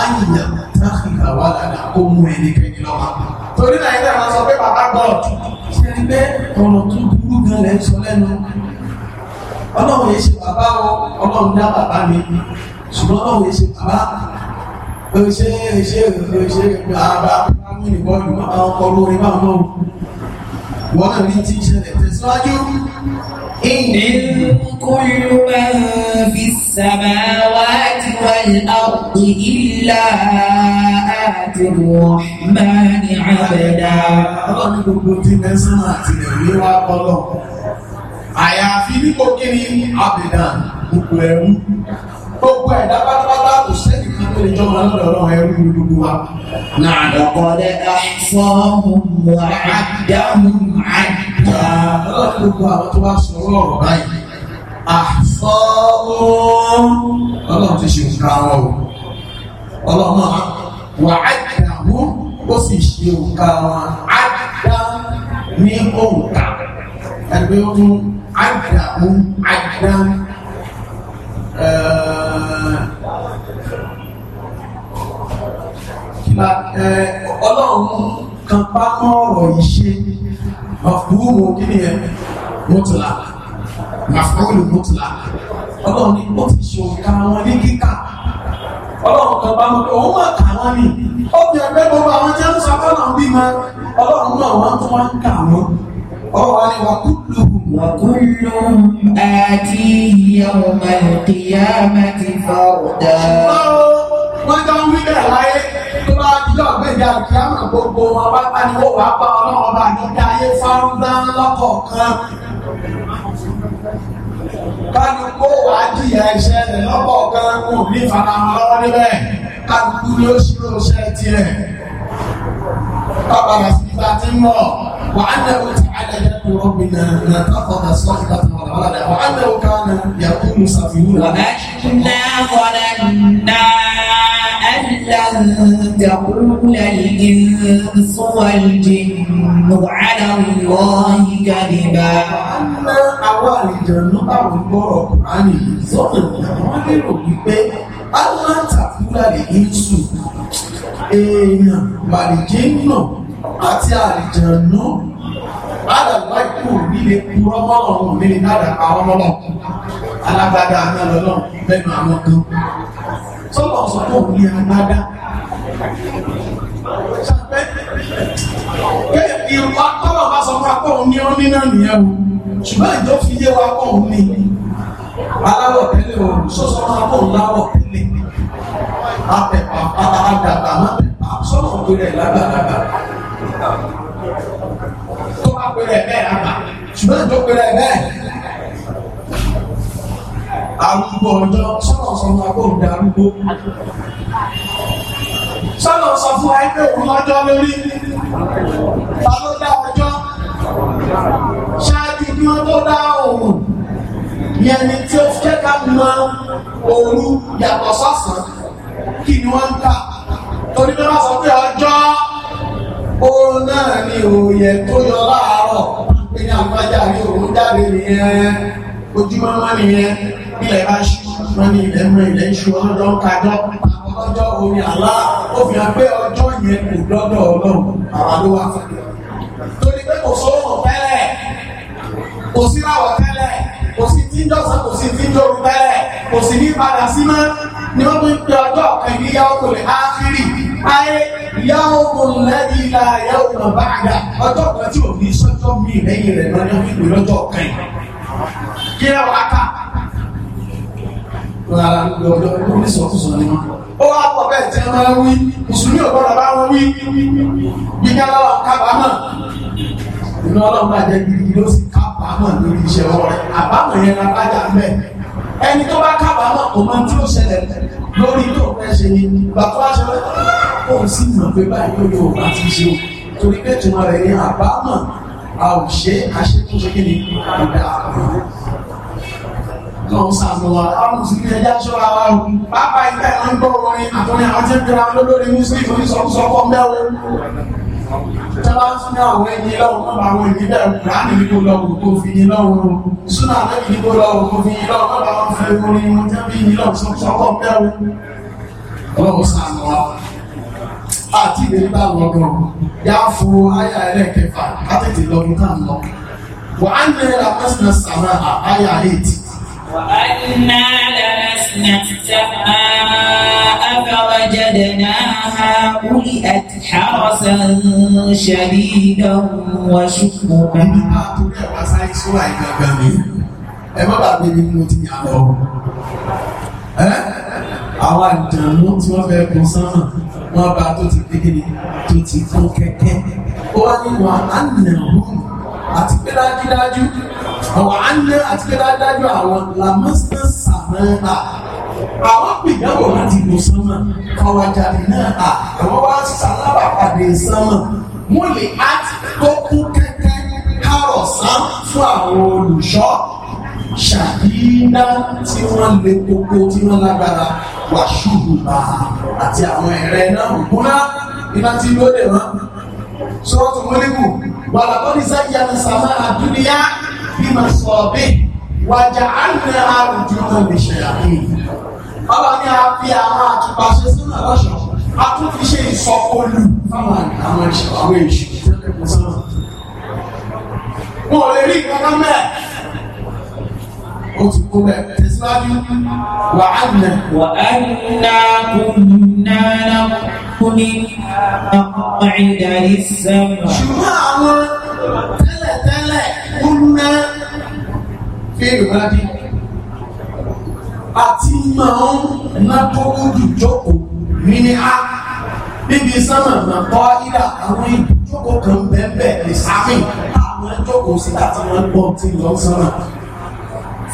A: ayíyàn táàkìlà wà lálẹ́ kó mú ẹni kẹ́ni lọ́wọ́. torí náà ilé àwọn sọ pé bàbá god ṣe ń gbé ọ̀rọ̀ tó burú gan lẹ́ sọ lẹ́nu ọlọ́run yìí ṣe bàbá o ọlọ́run dá bàbá mi ṣùgbọ́n ọlọ́run yìí ṣe bàbá ṣe ṣe ṣe ara àwọn ìbọnù àwọn ọkọ̀ orin máa mọ́ wọ́n náà ní tí ìṣẹ̀lẹ̀ tẹ̀síwájú. Ìní
B: kúlù máa fi samawati wal ardi illa
A: àti Rọ̀hmánì abada. Ọlọ́run gbogbo tí mẹ́sàn àti ẹ̀rí wá bọ́lọ̀. Àyàfi nípò kiri abẹ̀dà gbogbo ẹ̀rú gbogbo ẹ̀dá pátápátá kò sẹ́ni kí ló lè jọ máa ń lọ ọ̀rọ̀ ẹrú gbogbo wa. Nàdọ̀kọ̀dẹ̀ àfọ̀hún wà á dáhùn àdá. Ọlọ́run gbogbo àwọn tó bá sọ ọ̀rọ̀ báyìí. Àfọ̀hún ọlọ́run ti ṣe òǹkà wọn o. Ọlọ́run wà á dáhùn ó sì ṣe òǹkà wọn. Àdá ní òǹkà. Ẹgbẹ́ ó mú àdàmú àdàmú. Eh, ọlọ́run kan bá mọ́ ọ̀rọ̀ yìí ṣe mafúrúmù kí ni ẹ mọ́tìlá mafúrúmù mọ́tìlá ọlọ́run ni ó ti ṣòǹkà wọn ní kíkà ọlọ́run kan bá mọ́ òun máa kà wọ́n ni ó fi ẹgbẹ́ gbogbo àwọn jẹ́ ń sọ fọ́nà bí ma ọlọ́run náà wọ́n tún wá ń kà wọ́n ọwọ́ ni wà kúlù. wà kúlù àti yawma al-qiyamati farda. wọ́n jọ ń wí bẹ́ẹ̀ láyé tó bá jíjọ́ gbẹ̀jà kìámà gbogbo wọn kálukó wà á jìyà iṣẹ́ rẹ̀ lọ́kọ̀ọ̀kan kò ní farahàn lọ́wọ́ níbẹ̀ kálukú ni ó ṣírò iṣẹ́ tiẹ̀. bàbá àti ìgbà ti ń mọ̀. وأنه تعالى جد ربنا أن اتخذ صاحبة ولا ولدا وأنه
B: كان يقوم سفيهنا وأنا ظننا أن لن تقول الإنس والجن على الله كذبا وأنا أوالد نبع
A: البرق عن الظلم وأنا أوالد نبع البرق عن الظلم àti àlìjànú alàgbàgbò nílé purọ́ mọ́lọ́run nílé náírà àwọn ọlọ́run alágbádá náà lọ́lọ́run lẹ́nu àwọn kan sọ́lọ́ sọ pé òun ni agbádá ṣàpẹ́ wa ìwà tọ́lọ̀ bá sọ fún apọ̀ òun ní ọ́n nínà nìyẹn o ṣùgbọ́n ìjọ fi yé wa pọ̀ òun ní aláwọ̀ tẹ́lẹ̀ o sọ́sọ́ máa pọ̀ òun láwọ̀ tẹ́lẹ̀ apẹ̀pà pátápátá àmọ́ pẹ̀pà sọ́lọ́ òun pé rẹ̀ lágbàdàgbà tó bá pèrè bẹ́ẹ̀ àbá ṣùgbọ́n tó pèrè bẹ́ẹ̀. arúgbó ọjọ́ sọ́nà sọ fún agbóhùn arúgbó sọ́nà sọ fún ẹgbẹ́ òun lọ́jọ́ lórí ta ló dá ọjọ́ ṣáájú kí wọ́n tó dá òun yẹn tí ó jẹ́ ká mọ òru yàtọ̀ sọ́sàn kí ni wọ́n ń kà torí pé wọ́n sọ pé ọjọ́ oorun náà ni òòyẹ tó yọ láàárọ̀ pé ní àgbájá ní òun jáde nìyẹn ojúmọ́ wọn nìyẹn ilẹ̀ bá ṣú wọn ní ilẹ̀ mọ ilẹ̀ ń ṣú ọlọ́dọ̀ ń kájọ́ ọlọ́jọ́ omi àlá ó fi hàn pé ọjọ́ yẹn kò lọ́dọ̀ ọlọ́run àwọn ló wà fún mi. torí pé kò sóòrùn tẹ́lẹ̀ kò síráwọ̀ tẹ́lẹ̀ kò sí tí ń dọ́sán kò sí tí ń dọ́rùn tẹ́lẹ̀ kò sí ní padà sí mọ́ ni wọ́n tún ń pe ọjọ́ ìgbéyàwó kò lè á fírì ayé yawmun ladhi la yawma ba'da ọjọ́ kan tí òfin sọ́jọ́ mi lẹ́yìn rẹ̀ lọ́jọ́ pípé lọ́jọ́ kan yìí kí ẹ wá ká rárá lọ́jọ́ ló ní sọ́kùsọ ni wọn. ó wá pọ̀ bẹ́ẹ̀ tí wọ́n wí mùsùlùmí ò gbọ́dọ̀ bá wọn wí gbígbá lọ́wọ́ kábàámọ̀ iná ọlọ́run bá jẹ́ gidi ló sì kábàámọ̀ lórí iṣẹ́ ọwọ́ rẹ̀ àbámọ̀ yẹn la bá jà mẹ́ ẹni tó bá kábàámọ̀ kò mọ tí ó ṣẹlẹ̀ lórí tó fẹ́ ṣe ni bàbá wa ṣe ó sì mọ̀ pé báyìí ló yóò bá ti ṣe o torí pé tùmọ̀ rẹ̀ ní àbámọ̀ a ò ṣe àṣetúnṣe kí ni ìdá àbúrò lọ́wọ́ sàmùwà àwọn sí ilé ẹjá ṣọ́ra wa ò pápá ìfẹ́ ìrànlọ́wọ́ orin àtúnyà àti ìpínlẹ̀ olórí muslim oníṣọ́kọ́ mẹ́wọ́ tẹ́lá ń sún àwọn ẹni lọ́wọ́ náà àwọn èyí bẹ́ẹ̀ kùránì nínú lọ́wọ́ tó fi yín lọ́wọ́ súnà lẹ́yìn nínú lọ́wọ́ tó fi yín lọ́wọ́ náà wọ́n fi orin wọn jẹ́ bí yín lọ́wọ́ sọ́kọ́ sọ́kọ́ bẹ́ẹ̀ ọlọ́wọ́ sànù wa àti ìdè nígbà lọ́dọ̀ yá fún ayé ẹlẹ́kẹfà ká tètè lọ́dún ká ń lọ wà á ní ẹ̀rọ àpẹ́sìnà
B: وأنا لمسنا السماء فوجدناها ملئت حرسا شديدا
A: àwọn àjàmú tí wọ́n fẹ́ kún sánmà wọ́n bá tó ti kékeré tó ti kún kẹ̀kẹ́ ó wá nínú àná àti pé dájúdájú àwọn àná àti pé dájú àwọn lamọ́sí sàmẹ́ta àwọn pìdánwò láti lò sánmà kọwàjáde náà à àwọn wá sálábà pàdé sánmà wọ́n lè á ti tó kún kẹ́kẹ́ kárọ̀ sán fún àwọn olùṣọ́ ṣàdínà tí wọ́n lè kókó tí wọ́n lágbára wà ṣùgbùbà àti àwọn ẹ̀rẹ́ náà gbóná iná tí ló dè wọ́n. sọ́wọ́n tó múlẹ́kù wàlàkọ́ ní sáyà ní bímọ sọ bí wàjà àná àrùjú náà lè ṣe àkíyè ọlọ́ ní a fi àwọn àtúpa ṣe sínú ọ̀ṣọ́ a tún fi ṣe ìsọkọlù fáwọn àwọn ìṣàwọ̀ èṣù wọn ò lè rí ìkankan mẹ́ẹ̀ ó ti kó bẹ́ẹ̀ tẹ̀síwájú
B: wà á nà. wà á nà kùnà kùnì àwọn ìdarí sẹ́wọ̀n. ṣùgbọ́n
A: àwọn tẹ́lẹ̀ tẹ́lẹ̀ kúnná fèrè wájú àti máa ń ná kókó jù jókòó ní ní á níbi sánmà náà bọ́ ìlà àwọn ìjókòó kan bẹ́ẹ̀ bẹ́ẹ̀ lè sáfìn àwọn ìjókòó síta tí wọ́n gbọ́ tí lọ́sánmà.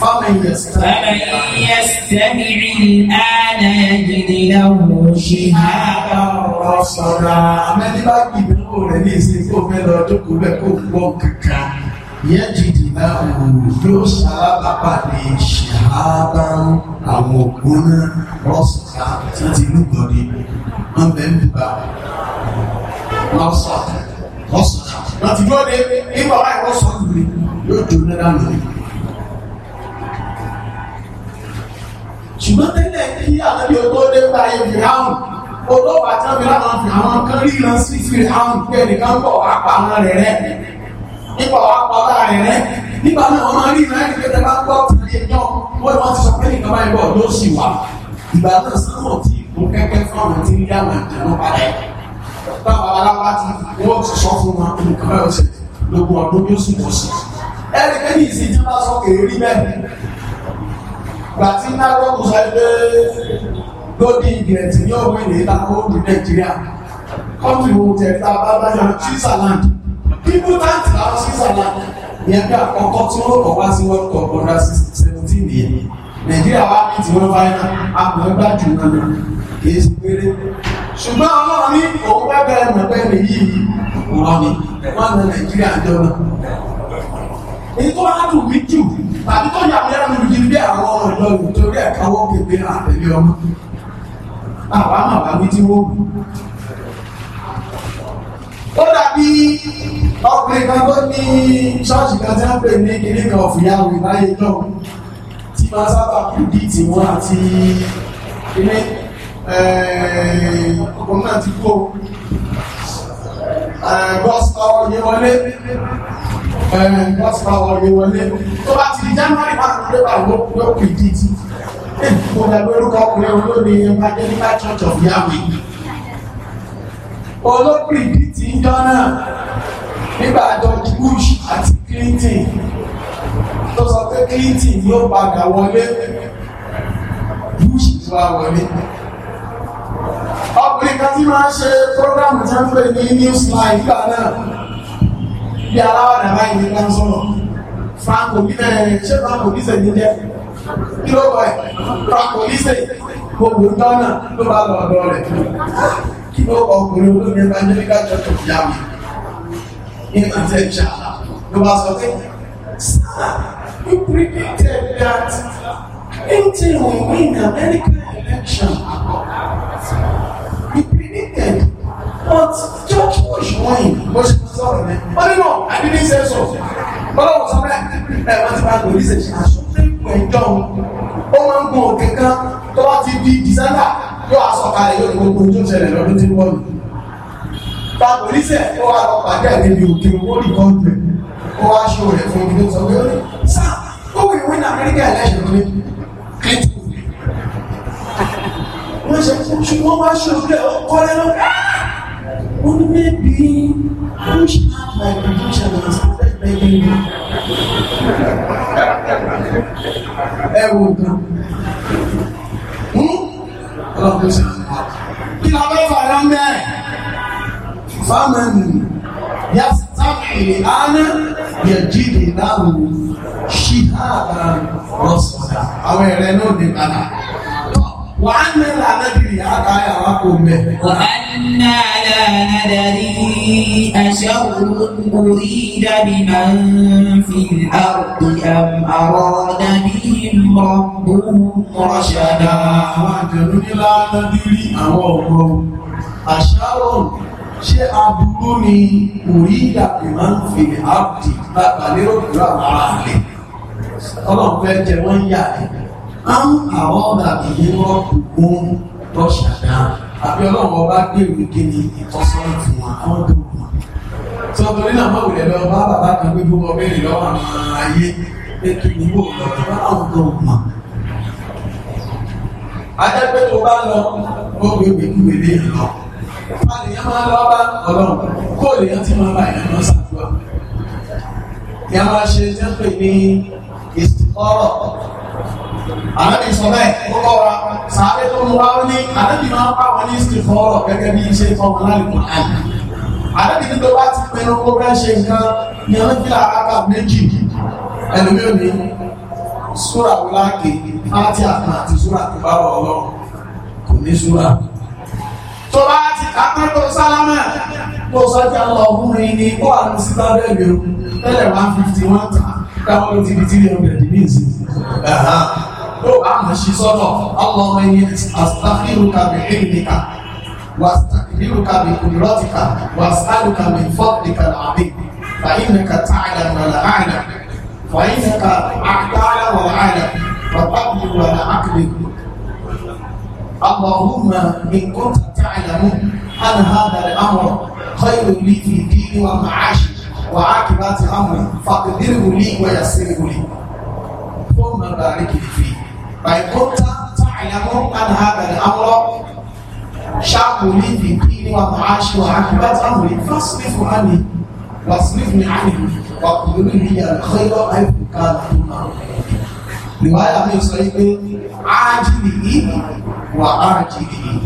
A: فمن
B: يستمع الآن يجد له شهابا رصدا أمني باقي بقول لي سيكون من أدوك بكم بوكك يجد له
A: يوسف أبالي شهابا àwọn ògbóná rọ́ṣà tí ti ń gbọ́dé wọ́n bẹ̀ ń bùbá rọ́ṣà rọ́ṣà láti gbọ́dé nígbà wáyé rọ́ṣà lórí yóò jóná dànù ṣùgbọ́n tẹ́lẹ̀ kí àtàbí ọgbọ́n dé bá yẹ fi hàn olóòwà tí wọ́n fi láwọn fi àwọn kan ríran sí fi hàn pé nìkan pọ̀ wá pa àwọn rẹ̀ rẹ̀ nípa wá pa ọlá rẹ̀ rẹ̀ nípa náà wọ́n máa ríran ẹni pé tẹ́lá gbọ́ tẹ̀lé yàn wọ́n wọ́n ti sọ pé nìkan báyìí bọ̀ ló sì wà ìgbà náà sánmọ̀ tí mo kẹ́kẹ́ fún àwọn tí ń yá àwọn àjẹmọ́ padà ẹ̀ táwọn aláwá ti wọ́n ti sọ fún wọn nǹkan báyọ̀ sí lógún ọdún yóò sì wọ̀ sí ẹnikẹ́ni ìsìn tí wọ́n bá sọ kèrè rí bẹ́ẹ̀ gbàtí náírọ̀kù sáré lódì ìgbìyànjú ní ọ̀gbìn ní ìtàkùn òdù nàìjíríà kọ́ńtì wo tẹ̀lé abájáyọ switzerland important àwọn switzerland yẹn bí àkọ́kọ́ tí wọ́n kọ̀ wá sí world cup under seventeen yẹn nàìjíríà wá bí tí wọ́n fáyínà àmọ́ ẹgbà jù náà kì í péré ṣùgbọ́n ọlọ́run ní òun fẹ́ bẹ̀rẹ̀ mọ̀pẹ́ nìyí òrọ̀ ni wọ́n na nàìjíríà jọ náà èyí tó á dùn mí jù tàbí tó yà mílẹ̀ lórí ibi àwọn ọ̀rọ̀ lọ nítorí ẹ̀ka wọ́n pèpè àtẹ̀lé ọmọ àwọn àmàbà wí tí wọ́n wù. ó dàbí ọkùnrin kan tó ní ṣọ́ọ̀ṣì kan tí wọ́n pè ní kíní kan ọ̀fìyàwó ìbáyé náà tí máa sábà kú dí tiwọn àti kíní eh, ọkùnrin náà ti kó eh, bọ́sítọ̀ yẹwọlé wọ́n ti bá wọlé wọlé tó bá ti di january márùn-ún ló bá wọ́n yóò pè dìtì kò dàgbé orúkọ ọkùnrin olóòní evangelical church of yahweh olóòpì dìtì ń jọ náà nígbà george bush àti clinton tó sọ pé clinton yóò padà wọlé bush tó wá wọlé ọkùnrin kan tí máa ń ṣe program tí wọ́n ń pè ní newsline nígbà náà bí aláwọ̀ dàbá yìí ń sọ̀rọ̀ franco bí bẹ́ẹ̀ ṣé franco bí sèyí jẹ́ kí ló kọ́ ẹ̀ franco bí sèyí gbogbo dọ́nà ló bá lọ ọ̀dọ́ rẹ̀ kí ló kọ́ ọkùnrin olómi evangelica church of yahoo ní àtẹ̀jà ló bá sọ pé sáà you predicted that anything we win American election but tí ó tún òṣùwọ̀n yìí mo ṣe fi sọ̀rọ̀ mi ó ní náà àbí ní ṣe sọ bọ́lá wọ́n sọ bẹ́ẹ̀ ẹ̀ wọ́n ti bá a lórí ṣèṣe aṣọ fíìmù ẹ̀jọ́ ó máa ń gun òkè kan tó bá ti di dìsẹ́mbà yóò aṣọ kalẹ̀ yóò ní gbogbo tó ṣẹlẹ̀ lọ́dún tí ń bọ̀ yìí bá políṣẹ̀ ó wà lọ pàdé níbi òkè owó rìkọ́ọ̀dù rẹ̀ ó wá ṣe òrẹ̀ fún ibi tó sọ pé ó ní sáà ó wì wí ní Amẹ́ríkà ẹ̀lẹ́ṣẹ̀ lórí clinton wọ́n ṣe fún ṣùgbọ́n wá ṣe òkè ọkọ̀ rẹ̀ lọ́wọ́ only being pushed out by pollution and started begging me. Ẹ wo gan. Hm? Ọlọ́run ṣe àwọn àti. Kí la bẹ́ fara mẹ́? Fámẹ́nì yà sábìlì àná yà jíde láwùú ṣì hàrà lọ́sọ̀dà. Àwọn ẹ̀rẹ́ náà ní padà wà á ní lànàbìrì àbá àwa kò mẹ.
B: wà á ní lànàdàrí aṣọ orí dàbí máa ń fi àrùn
A: àrọ̀ dàbí mọ̀ọ́bù mọ̀ọ́ṣàdá. àwọn àjẹ̀lú ní lànàbìrì àwọn ọ̀gbọ́n àṣàrò ṣé aburú ni orí ìdàbí máa ń fi àbùdí bàbá lérò pẹ̀lú àwọn ará rẹ̀ ọlọ́run fẹ́ jẹ wọ́n yà rẹ̀. How are all that behavior own touch down? Àbí ọlọ́run ọba gbèrú kíni ìtọ́sọ́nà fún wa, àwọn tó wù wọn. Sọ torí náà mọ̀ wùlẹ̀ lọ bá bàbá kan gbé gbogbo béèrè lọ́wọ́ àwọn ayé pé kí ni yóò lọ bá àwọn tó wù wọn. Adẹ́gbẹ́ tó bá lọ, ó gbé gbèkúgbè lé lọ. Fàlìyàn máa lọ bá ọlọ́run, kóòlì yẹn ti máa bá ìyá náà ṣàdúrà. Ìyá máa ṣe jẹ́ pé ní ìsìnkọ́rọ̀
B: ànábì sọ bẹ́ẹ̀ ó kọ́
A: wa sàárẹ̀ tó ń wá ó ní ànábì máa ń bá wọn ní ìsìnkọ́rọ̀ gẹ́gẹ́ bí iṣẹ́ ìfọwọ́n lálùkù àyè ànábì ní tó bá ti pinnu kó bẹ́ẹ̀ ṣe nǹkan ní ọdún fílà àkàkà méjì ẹlòmí ò ní súrà wúláàkì láti àtàn àti súrà tó bá wọ ọlọ́run kò ní súrà tó bá ti kàtàn tó sálámà tó sọ́jà lọ ọkùnrin ní ó wà síta bẹ́ẹ̀ mi ò tẹ́lẹ̀ one fifty one ta káwọn ló ti di أعمى شي صلاة الله إني أستغفرك بحلمك وأستكبرك بقدرتك وأسألك من فضلك العظيم فإنك تعلم ولا أعلم فإنك أعتال ولا أعلم وتقبل ولا أقبل اللهم إن كنت تعلم أن هذا الأمر خير لي في ديني ومعاشي وعاقبة أمري فاقدره لي ويسره لي ثم بارك فيه فإن كنت تعلم أن هذا الأمر شاق لي في ديني ومعاشي وعاقبته فاصرف عني واصرفني عنه واقبل لي الخير حيث كان رواية من صحيح عاجله وعاجله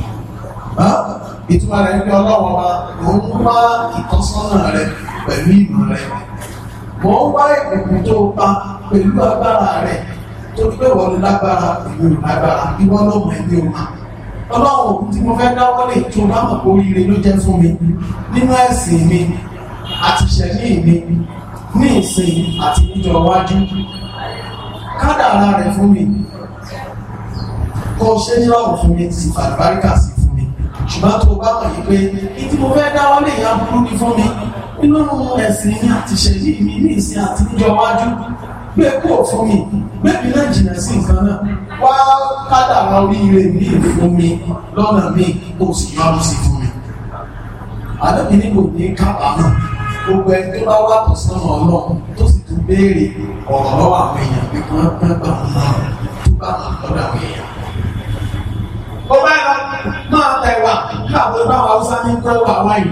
A: ìtumọ̀ rẹ̀ ní ọlọ́wọ́ wa mò ń wá ìtọ́sọ́nà rẹ̀ pẹ̀lú ìmọ̀ rẹ̀ mò ń wá ìpìpì tó pa pẹ̀lú agbára rẹ̀ torí pé wọ́n lágbára ìwé lágbára ìwọ lọ́mọ ẹ̀mí o máa ọlọ́run òkú tí mo fẹ́ dáwọ́ lè tó bá mọ̀ oríire ló jẹ́ fún mi nínú ẹ̀sìn mi àti ìṣẹ̀lẹ̀ mi ní ìsìn àti níjọ wájú kádàrá rẹ̀ fún mi kó ṣe ní ọ̀rùn fún mi sì fàlùbáríkà sí fún mi ṣùgbọ́n tó bá mọ̀ yìí pé kí tí mo fẹ́ dáwọ́ lè yá burú ni fún mi nínú ẹ̀sìn mi àti ìṣẹ̀lẹ̀ mi ní ìsìn àti níjọ wájú gbé kúrò fún mi gbébi náà jìnnà sí nǹkan náà wá kádàrá oríire mi fún mi lọ́nà mi O sì yọrù sí fún mi. àdàbí ní kò ní kábàámọ̀ gbogbo ẹni tó bá wà tó sánmọ̀ ọlọ́run tó sì tún béèrè ọ̀rọ̀ lọ́wọ́ àwọn èèyàn pé kí wọ́n pẹ́ gbà wọn náà tó bá wọn lọ́dọ̀ àwọn èèyàn. ó bá yọ máa tẹ̀wà káàbọ̀ báwọn haúsá ní kọ́ wà wáyé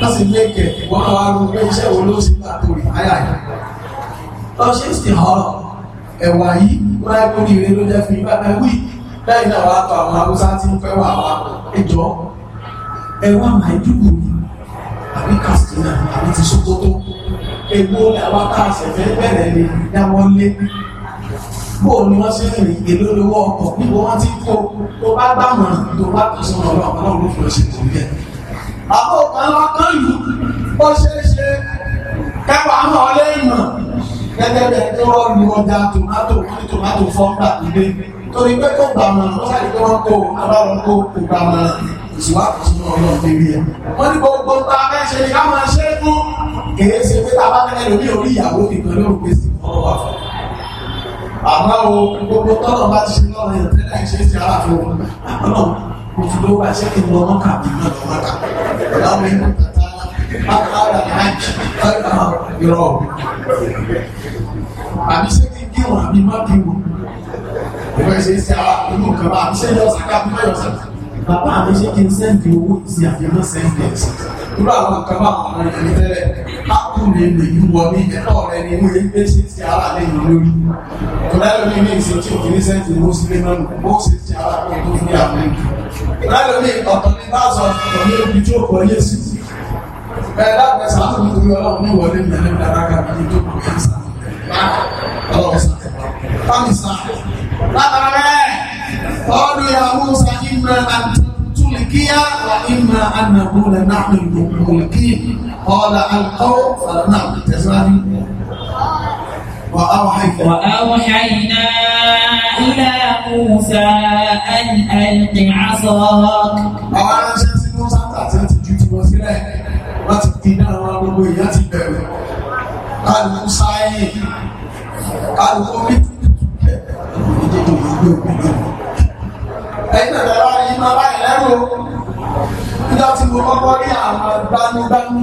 A: lọ́sìn lẹ́kẹ̀ẹ́ wọ́n á wá rú iṣẹ́ wo ló ṣe gbà tó rí àyà lọ ṣe ìsìnkọ́rọ̀ ẹ̀wà yìí wọ́n á kó kiri ló jẹ́ fún yín bàbá wí lẹ́yìn náà wàá tọ àwọn haúsá tí ń fẹ́ wà wá ẹjọ́ ẹ̀wà màdúgbò ni àbí Katsina àbí ti Sókótó egbò làwọn káàsẹ̀ fẹ́ bẹ̀rẹ̀ lè dáwọ́ lé bóò ni wọ́n ṣe ń rìn èlò lówó ọkọ̀ níbo wọ́n ti kó tó bá gbàmọ̀ràn tó bá tó sọ̀rọ̀ ọ̀rọ̀ ọ̀pọ̀ náà ló fún ọ̀ṣẹ̀ tó yẹ. àwọn òkan lọ kán yìí bó ṣe é ṣe kẹwàá hàn lẹ́yìn náà gẹ́gẹ́ bẹ́ẹ̀ ní wọ́n lu ọjà tòmátò ní tòmátò fọ́ngbà ìdè torí pé kò gbà mọ̀ wọ́n sáré pé wọ́n kó aláwọ̀ kó kò gbà mọ̀ ìṣùwádìí sínú ọlọ́run débi ẹ̀. wọ́n ní gbogbo ta mẹ́ṣe ni ká máa ṣe é fún kèé ṣe pé tàbá tẹ́lẹ̀ lórí orí ìyàwó nìkan ló ń gbé sí ọ̀rọ̀ wà fún. àmọ́ o gbogbo tọ́nà bá ti ṣe lọ́rọ̀ yẹn tẹ́lẹ̀ ṣe é ti aláàfin òun àmọ́ náà kò fi lówó àṣẹ́kì lọ́mọ́kà nínú ọ̀rọ̀ wákà ọ̀làwọ̀ ìmọ̀ tàt How how the hajj? How how you're all? Àbí ṣé kí n kí wọn àbí má kí wọn? Ìwé ṣe ṣe àwọn ìlú kan bá àbí ṣé yọ ọ̀sán káàbí bá yọ ọ̀sán. Bàbá mi ṣe kí n sẹ́ǹdì owó ìsìn àfihàn sẹ́ǹdì ẹ̀sìn. Irú àwọn nǹkan bá àwọn ọmọ ìlú tẹ́lẹ̀. Ápù mi lè yí wọ ní ẹ̀tọ́ rẹ ni wọ́n gbé ṣe ti ara lè yàn lórí. Tọ́lá mi ní ìṣe tí òkè ní sẹ́ǹdì owó sílé mọ́nù, ó ṣe ti ara kan tó fi bẹ́ẹ̀ lábẹ́ sàánù mi torí ọlọ́run ní wọlé mi ẹni dára ká mi tó kù ní sàn ọlọ́run sàn bámi sàn lábàá rẹ̀ ọdún ìyàwó sàn ìmọ̀ àti tulikiya wa ìmọ̀ ànàbó rẹ̀ náà ní ìgbòkùnkì ọ̀la àlùkò fàlà náà tẹ̀síwájú. وأوحينا,
B: إلى موسى أن ألق عصاك. أولا
A: موسى تعتمد جوتي wọ́n ti di náà wọn gbogbo ìyá ti bẹ̀rù kálukú sáyé kálukú bí ìdíje ìgbé òkúta ẹ̀yin náà bẹ̀rẹ̀ wáyé máa bá ìlẹ́rù nígbà tí mo kọ́kọ́ rí àwọn gbanúgbanú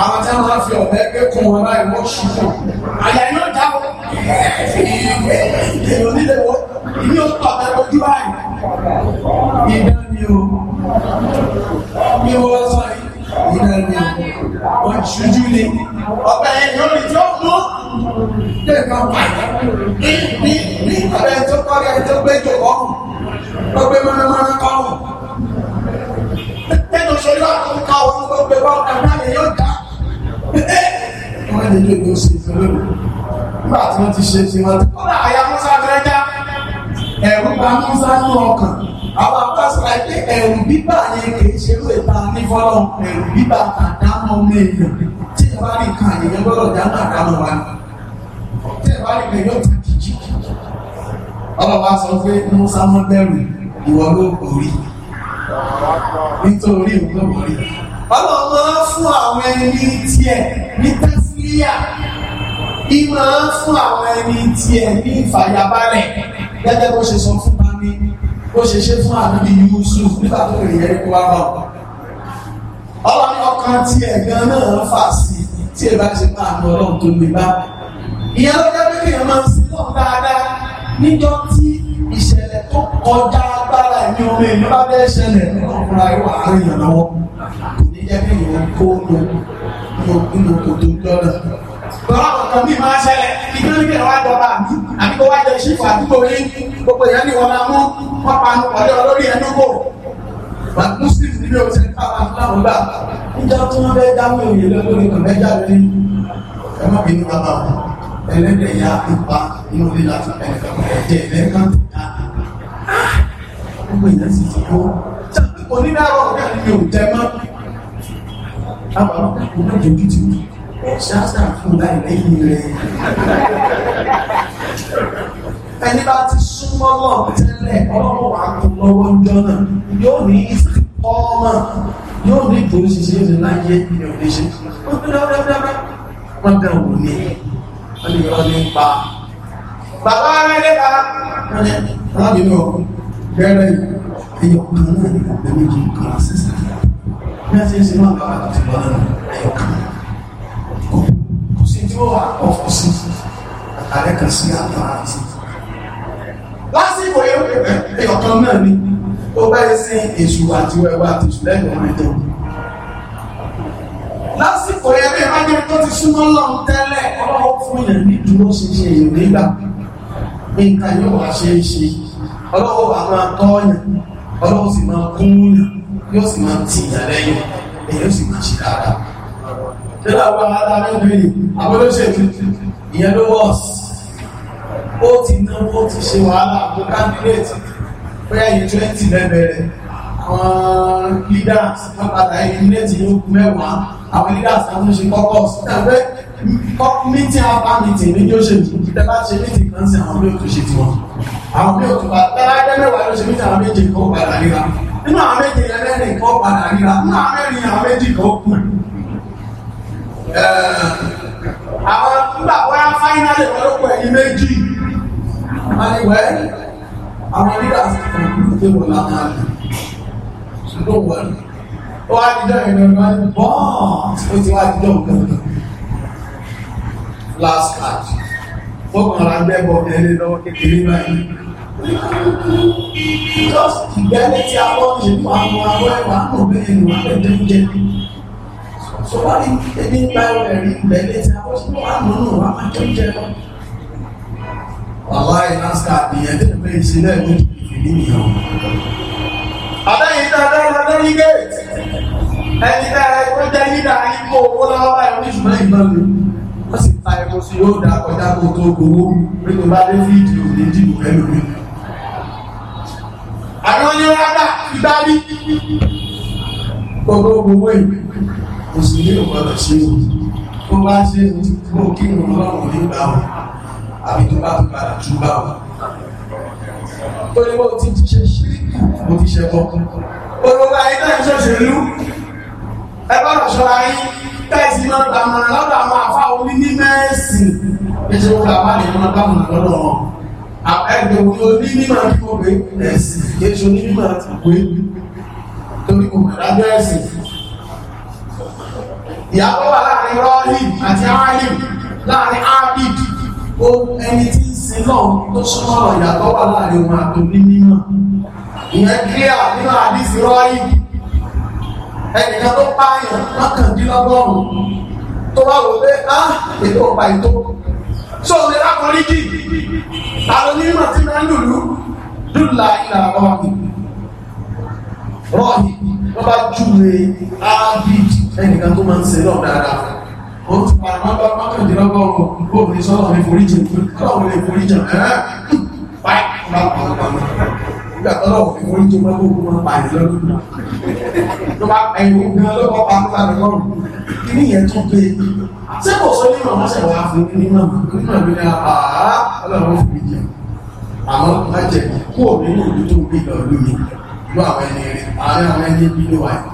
A: àwọn tí wọ́n fi ọ̀bẹ gbé kún wọn báyìí wọ́n ṣubú àyà yóò dáwọ́ èèyàn nílé wọ́n ní o tọ̀ tẹ́ ojú báyìí. Ìdá ni o, mi ò sọ ìdá ni o, wọ́n ṣojú ni. Ọ̀pẹ yẹn yóò lè jọ mú. Dẹ́ka wà ní ní ní ọ̀rẹ́ tó kọ́rẹ́ tó gbé jò ọ̀hún, tó gbé mọ́nàmọ́ná kọ́hún. Nínú ṣe lọ́kùnrin ká òun tó gbé bá ọ̀gá náà lè yóò dá. Wọ́n lè lè lọ sí ìfẹ́ lónìí. Nígbà tí wọ́n ti ṣe ti wọ́n ti pa bá ń sánú ọkàn àwọn apásọ̀rọ̀ ẹgbẹ́ ẹ̀rù bíbà yẹn kì í ṣe ló ìta ní fọ́lọ́ ẹ̀rù bíbà àdámọ́ ọmọ èèyàn tí ẹ bá rí kan èèyàn gbọ́dọ̀ dáná àdámọ́ wa tí ẹ bá rí kan yóò tún kìjì ọlọ́wà sọ pé musa mọ́ bẹ̀rù ìwọ ló borí nítorí òun ló borí ọlọ́wọ́ fún àwọn ẹni tiẹ̀ ní tẹ́sílíà ìmọ̀ fún àwọn ẹni tiẹ̀ ní ìfàyàbalẹ̀ gẹ́gẹ́ bó ṣe sọ fún wa ní bó ṣe ṣe fún àbíbí Yusuf nígbà tó rè yẹ kó wá bá wọn. ọlọ́ni ọkàn tí ẹ̀gbọ́n náà fà sí tí ẹ bá ṣe máa lọ ọlọ́run tó lè bá. ìyẹn ló jẹ́ pé kéèyàn máa ń sin náà dáadáa níjọ́ tí ìṣẹ̀lẹ̀ tó kọjá agbára ẹ̀mí omi ìlú bá bẹ́ẹ̀ ṣẹlẹ̀ nínú ọ̀fúnra ìwà àárín ìyànlọ́wọ́ kò ní jẹ́ kéèyàn kó lọ nínú kòtò lọ́nà lọ́wọ́ kankan bí máa ṣẹlẹ̀ ìdí ní kí wọ́n á dọ̀ba àbí àbí kó wá jẹ ṣífù àdúgbò ní gbogbo èèyàn ní wọn máa mú wọn pa àwọn ọ̀dọ́ lórí ẹnu kò. muslim ti bí o ti ká àwọn fúlàmù gbà níjọ tí wọn fẹẹ dáhùn òye lọ́wọ́ ní kàmẹ jáde ní ẹ má bínú bàbá wọn ẹlẹ́dẹ̀ ya ipa inú lílà ẹ̀jẹ̀ ẹ̀ka gbogbo èèyàn sì ti kó onídàárọ̀ ọ̀gá ni mi ò tẹ́ mọ́ àwọn ọmọ ìgbìmọ̀ ìjọ́jú ti ṣáṣá fún láì lẹ́yìn rẹ̀. ẹni bá ti súnmọ́ lọ tẹ́lẹ̀ ọlọ́run wà kún lọ́wọ́ jọ náà yóò ní ọmọ yóò ní ìtòrí ṣiṣẹ́ ìṣẹ́ láyé ìrìn òde ṣe wọ́n fi lọ́wọ́ dáadáa wọ́n bẹ̀ wò ní wọ́n ní wọ́n ní pa. bàbá rẹ̀ nípa wọ́n ní alábìínú ọ̀hún ẹ̀yọ̀ kan náà ní ọ̀pẹ̀ méjì kan sísè bí wọ́n ti ń sinmi àgbà àti ìbọn náà ẹ̀yọ̀ kan náà kò sí tí ó wà ọ̀fọ̀ sí àtàrẹ kan sí àtàrà àti. lásìkò ẹ̀yọ̀kan náà ni ó bẹ́ẹ̀ sí èṣù àti wẹ̀wẹ̀ àti èṣù lẹ́yìn ọmọ ẹ̀jẹ̀ lásìkò yẹn bí ìrọ́jẹ́ tó ti súnmọ́ lọ́run tẹ́lẹ̀ ọlọ́wọ́ fún yẹn ní dúró ṣinṣin èèyàn nígbà nǹkan yóò wá ṣe é ṣe ọlọ́wọ́ wà máa tọ́yàn ọlọ́wọ́ sì máa kún yàn yóò sì máa tì yàn lẹ́yìn èèyàn sì máa ṣe dáadáa tẹ́lá àwọn adájọ́bìnrin abọ́lọ́ṣẹ́bí ìyẹn ló wọ́ọ̀sì ó ti náwó ó ti ṣe wàhálà àwọn kándídéètì pé ẹ̀yìn twenty lẹ́bẹ̀rẹ̀ àwọn leaders wọ́n padà eliminate yóò mẹ́wàá àwọn leaders kan tó ṣe kọ́kọ́ síbẹ̀ meeting after meeting ní yóò ṣe jù tẹ́ bá ṣe meeting kan sí àwọn olóòtú ṣe tiwọn àwọn olóòtú bá tẹ́lá jẹ́ mẹ́wàá ló ṣe meeting àwọn méje kan padà ríra nínú àwọn méje ẹlẹ́rìn kan padà ríra nínú àwọn mẹ́rin àwọn méjì kan kù àwọn nígbà wá fáínálì wọn ló pọ̀ ẹ̀yìn méjì àìwẹ́ àwọn nígbà tó wọ̀ lánàá ṣùgbọ́n wọ̀ ní ó wá dídọ̀ ìrìnà bọ́ọ̀n ó ti wá dídọ̀ gbọ̀ngàn last card fọkànlá gbẹ́bọ̀ ẹ̀rẹ́ lọ́wọ́ kékeré báyìí just ìgbẹ́lẹ́ tí a wọ́n ní ìlú àwọn àwọn ẹ̀wà àwọn ọ̀bẹ ìlú àbẹ̀dẹ̀ ń jẹ́ sọ̀wárí ebi ń táwọn ẹ̀rí ilẹ̀ ilé tí a kọ́ sí wà nínú wa máa jẹun jẹ lọ. wàhálà ìlànà àdìyẹn tẹ̀ pé ìṣẹ̀lẹ̀ mi ìdí nìyẹn. àbẹ́yìn dáadáa la lórí géètì ẹni dáadáa tó jẹ́ yídà ikú owó lọ́wọ́ báyìí oníṣùmọ̀ ìgbọ́n mi wọ́n sì ta epo sí yóò dá kọjá kó tó gbowó pé gbogbo gbogbo ìwé mùsùlùmí ò gbọdọ̀ ṣe wò tó bá ṣe bó kírun lọ́rùn nígbà wò àbí tó bá padà tú bá wò. ní bó ti ṣe ṣíríkù mo ti ṣe bọ́. olùkọ́ ayé náà ń ṣòṣèlú ẹ gbọ́dọ̀ tẹ́sí máa ń gbàmọ̀ràn lọ́dọ̀ àwọn àfa omi ní mẹ́ẹ̀sì ètò ìwé àwa lè máa gbàmọ̀ràn lọ́dọ̀ wọn. ẹgbẹ́ òní oní mímọ̀ kí wọ́n pé ẹ̀sìn ètò oní mímọ̀ àti ìwé torí kò mọ̀ lábẹ́ ẹ̀sìn ìyàwó wà láàrin rọ́hìm àti áhìm láàrin ábìd ó ẹni tí ń sin náà tó súnmọ́ ọ̀rọ̀ ìyàtọ̀ wà láàrin òun àti òní mímọ̀ ìyẹn kíá nínú àdìsí rọ́hìm ẹnìkan tó pààyàn mọ́kàndínlọ́gọ́rùn-ún tó wá wò pé á ètò ọ̀pá ètò tó lè lákòrí jì àwọn onímọ̀ tí máa ń lùlù lùlà ìlà rọ́hìm rọ́hìm wọ́n bá júwe ábìd ẹnìkan tó máa ń ṣe lọ́ọ̀ dáadáa wọ́n ti pa àmọ́ mọ́kàndínlọ́gọ́rùn gbòòrùn sọ́lọ̀ ní foríjì kọ́lọ̀ lè foríjì ẹ̀rẹ́ báyìí bá pàápàá nígbà tọ́lọ̀ fi foríjì mọ́ gbogbo wọn pa ìlọ́dún náà ló bá ẹ̀yìn ogun ọlọ́pàá pa nípa lọ́rùn kí ni ìyẹn tún pé ṣé kò sọ nínú ọmọ ṣẹ̀ wá fún nínú nínú àmì ní àbá ọlọ́run foríjì àmọ́ má jẹ kú òmìnir ìlú àwọn ẹni rẹ̀ àárín àwọn ẹni bí ló wà yìí.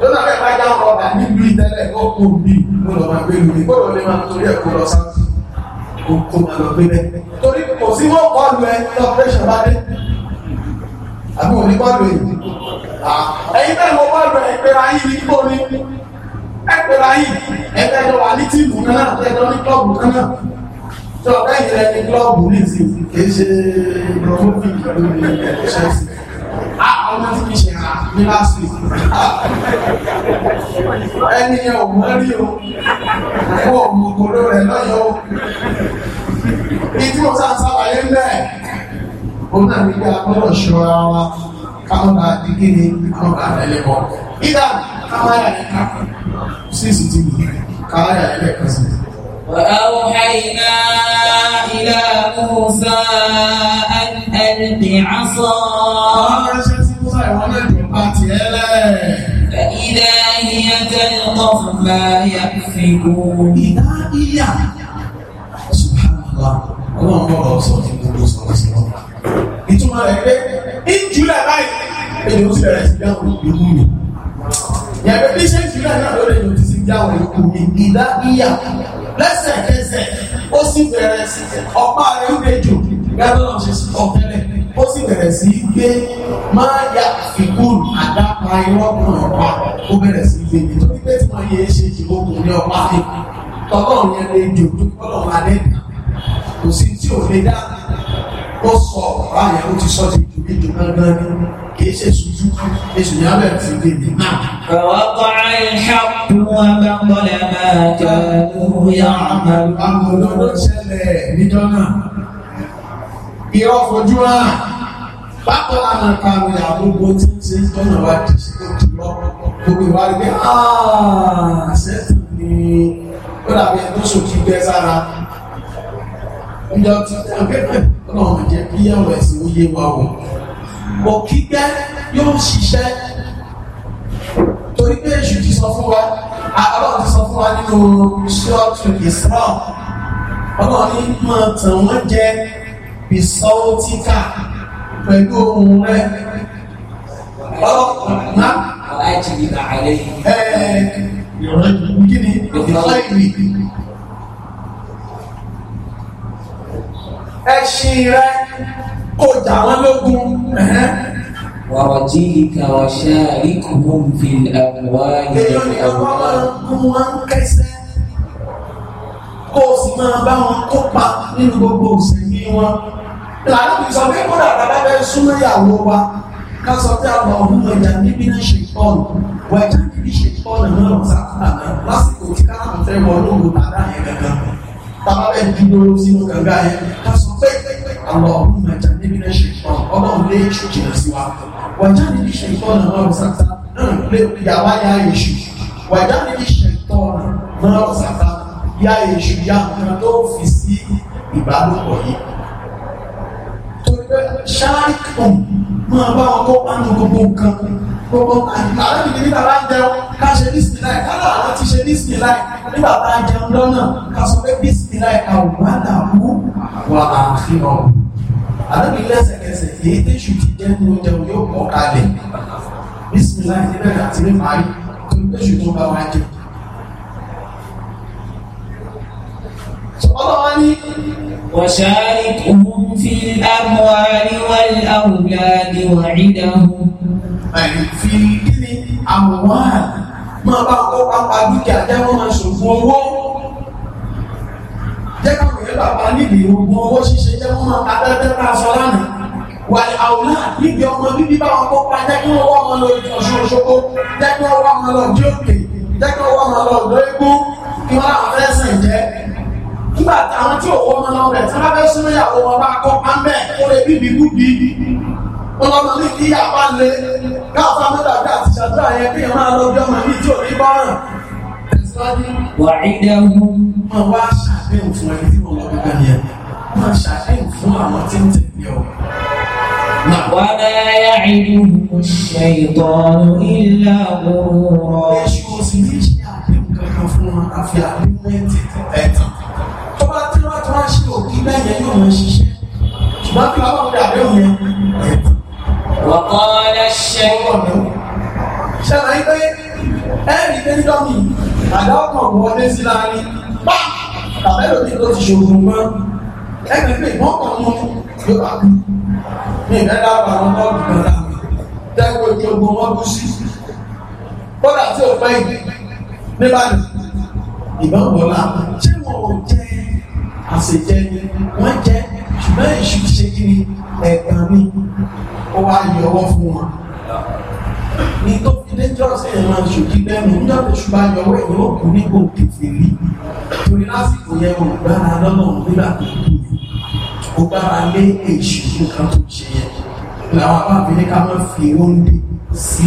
A: lọ́nà rẹ̀ bá já ọkọ̀ ọ̀gá níbi ìtẹ́lẹ̀ ó kú bí mo lọ máa gbé lórí kó lọ lè máa torí ẹ̀ kó lọ sáàtì kó kó máa lọ gbé bẹ́ẹ̀. torí kò sí wọ́n kọ́ lu ẹ ní ọ̀pẹ́ṣọ̀ bá dé àbí òní kọ́ lu èyí. ẹ̀yin náà mo kọ́ lu ẹ̀ pé ra yìí nígbó ni ẹ pé ra yìí ẹ fẹ́ jọ wà ní tíìmù náà fẹ́ jọ ní klọ́ọ̀bù náà tí ọ̀gá ọmọ fi ha mi last ẹni yẹn ò mọ rí o kó o mọ kóró rẹ lọ́yọ̀ o ìdí mo sá sábàyé bẹ́ẹ̀ òun náà ní bí a gbọ́dọ̀ wa káwọn bá di kí ni káwọn bá ìdá káwọn yà ká cctv káwọn yà lẹ́kọ̀ọ́ sí وأوحينا إلى موسى
B: أن ألق عصاك wọn náà jẹ́ bá tiẹ̀ lẹ̀. ìdá ìyá jẹ́ lọ́fún bá yà fi kú.
A: ìdá ìyá subhanallah ọlọ́run bọ̀rọ̀ sọ ní gbogbo sọ̀rọ̀ sọ̀rọ̀. ìtumọ̀ rẹ̀ pé ìjùlẹ̀ báyìí èdè ó ti bẹ̀rẹ̀ sí dáhùn ìlú mi. yàtọ̀ bí ṣe ń jùlẹ̀ náà lórí èdè ọ̀tẹ́lẹ̀ ó sì bẹ̀rẹ̀ sí í gbé máa ya fìkúrù àdápa irọ́ kan ọ̀pá ó bẹ̀rẹ̀ sí í gbé nítorí pé tí wọ́n yẹ ṣe jù okùn ní ọ̀pá yìí tọ́lọ́run yẹn lè jò tó kọ́lọ́run adé kò sí tí ò lè dá ó sọ ọ̀rọ̀ àyà ó ti sọ ti jù ní jù gángan ní kì ṣe ṣojú èṣù ní abẹ́rẹ́ ti gbé mi náà. ọ̀pọ̀ àìṣàkùn abẹ́kọ̀lẹ̀ máa jẹ́ lóyún àmàlù. àwọn ọ̀dọ́ ṣẹlẹ̀ níjọ́ náà irọ́ fojú hàn báwo la máa ka àwọn àgbogbo tí ń ṣe tọ́nà wá di ṣe tó lọ gbogbo ìwà rí pé sẹ́tù ah, ni ó dàbí ẹni tó sòkì bẹ́ sára ìjọ ti akẹ́kọ̀ọ́ ọlọ́run jẹ́ kí ẹ̀wọ̀ ẹ̀sìn ó yé wa wọ̀ bọ̀ kígbẹ́ yóò ṣiṣẹ́ torí pé èṣù ti sọ fún wa àbáwọ̀ ti sọ fún wa nínú ṣọ́ọ̀tù ìsìlọ́ọ̀ ọlọ́run máa tàn wọ́n jẹ́ bisautika pẹ̀lú ohun rẹ̀. Ọ̀nà. Aláìjìnì bá àlẹ́ yìí. Ẹ̀ẹ́ yọ̀rọ̀ kí ni ìfọ̀láìlì. Ẹṣin rẹ̀ kò jà wọ́n lógun.
B: وَرَجِيكَ
A: وَشَارِكْهُمْ
B: فِي الْأَمْوَالِ وَالْأَوْلَادِ
A: kó o sì máa bá wọn kópa nínú gbogbo òsèmí wọn làánú ti sọ pé kódà bàbá bẹ́ẹ̀ súnmọ́ ìyàwó wa ká sọ pé àwọn ọ̀hún ọjà níbi náà ṣe tọ́ọ̀nù wọ́n ẹ̀já níbi ṣe tọ́ọ̀nù náà lọ sáà lásìkò tí káàkiri fẹ́ wọ lóògùn tàdá yẹn gangan bàbá bẹ́ẹ̀ dúró sínú gàngá yẹn ká sọ pé àwọn ọ̀hún ọjà níbi náà ṣe tọ́ọ̀nù ọlọ́run lé ṣù jìnà sí wa wọ́n ẹ̀já níbi ṣe tọ́ọ̀nù náà lọ sáà lé yàwá yá èṣù wọ́n ẹ̀já níbi ṣe tọ́ọ̀nù náà lọ sáà yá èṣù yá nǹkan yìí ṣáàkì kan máa bá wọn kó pàánù gbogbo nǹkan gbogbo àgbàlẹ́ ìdílé tàbá ń jẹun ká ṣe bísíláì kálá àwọn ti ṣe bísíláì nígbà tá a jẹun lọ́nà ká sọ pé bísíláì ká ò bá dà wú wà àfihàn àdébí lẹ́sẹ̀kẹsẹ̀ èyí tẹ̀sù ti jẹ́ ní oúnjẹ yóò pọ̀ kalẹ̀ bísíláì níbẹ̀ àti ní parí tó tẹ̀sù tó bá wá jẹ. ọlọ́wọ́ ní وشاركهم
B: في الأموال والأولاد وعدهم
A: في الأموال ما بقوا بقى بك أجمع شفوه jẹ́ káwọn èèyàn bàbá níbi ìrògbò owó ṣíṣe jẹ́ wọ́n máa adájọ́ bá aṣọ lánàá wà àwòrán níbi ọmọ bíbí bá wọn kó pa jẹ́ kí wọ́n wá wọn lọ ìjọ ṣoṣoko jẹ́ kí wọ́n wá wọn lọ dí òkè jẹ́ kí wọ́n wá wọn lọ ọ̀dọ́ egbò kí wọ́n láwọn fẹ́ sìn jẹ́ nígbà táwọn tí òwò ọmọ náà rẹ̀ tí wọ́n fẹ́ súnmọ́ ìyàwó wọn bá kọ́ pánbẹ́ ó lè bíbí kúbi ọlọ́mọ ní kí yàrá lé káfá mẹ́tàgbé àti ṣàdúrà yẹn kí ìran alọ́jọ́ ọmọ yìí tí ò ní bọ́ràn. wà á yẹ mú. wọn wá ṣàdéhùn fún ẹni tí wọn lọ gbẹgbẹ yẹn wọn ṣàdéhùn fún àwọn
B: tí ń tẹ̀lé ọ. Wàdà yà ìlú ṣe
A: ṣe àdéhùn bẹ́ẹ̀ yẹn yóò ṣiṣẹ́ ṣùgbọ́n kí wọ́n fi àdéhùn yẹn. wọ́n lè ṣe. ṣàlàyé pé ẹ̀rí kẹ́ńtọ́mì àdá ọkàn wọlé sí láàrin pa tàbí lòdì tó ti ṣògùn mọ́ ẹgbẹ́ pé wọ́n kàn mú yóò bá kú ní ìdájọ́ àwọn ọmọ ọdún kan láàrin tẹ́kọ̀ọ́ ìjọba wọn kú sí kódà tí ò pẹ́ yìí nígbà tí ìbọn wọ̀ láàrin ṣé wọn ò jẹ́ àṣejẹ ni wọ́n jẹ ṣùgbọ́n èṣù ṣe kí ni ẹ̀tàn ni ó wá yọwọ́ fún wọn ní tó fi dangerous èèyàn máa ṣòdì lẹ́nu ní ọ̀dọ̀ ṣùgbọ́n ayọ̀wọ́ èèyàn ò kú nígbò tètè rí torí lásìkò yẹn wọn gbára lọ́nà nígbà tó kú ó gbára lé èṣù nǹkan tó ṣe yẹn làwọn abáàbí ní ká má fi oúnjẹ sí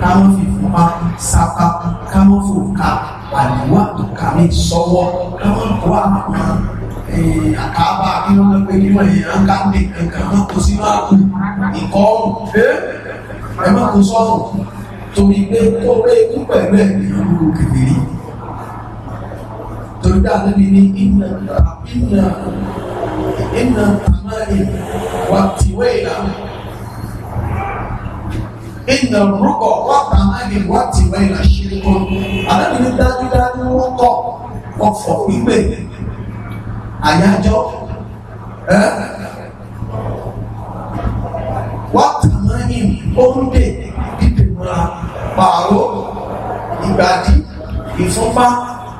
A: ká má fi fún wa sápá ká má fò ká and you want to commit someone lọ́wọ́n kó àwọn àkàbà kí wọ́n lọ pé kí wọ́n yẹn ká ní kankan má kó sí máa kú ìkọ́ ọ̀hún eh, ẹ má kó sọ́ọ̀hún torí pé tó ré ikú pẹ̀lú ẹ̀ ní ìlú kìkìrì torí dáa níbi ní ìnà ìnà ìnà àmàlì wà tìwé ìlànà ìnà rúkọ̀ wà tàmàlì wà tìwé ìlànà ṣe kọ́ ọ̀fọ̀ pípé àyájọ́ wátàmánì oúnjẹ dídèmọ́ra pààrọ̀ ìgbàdí ìfúnpá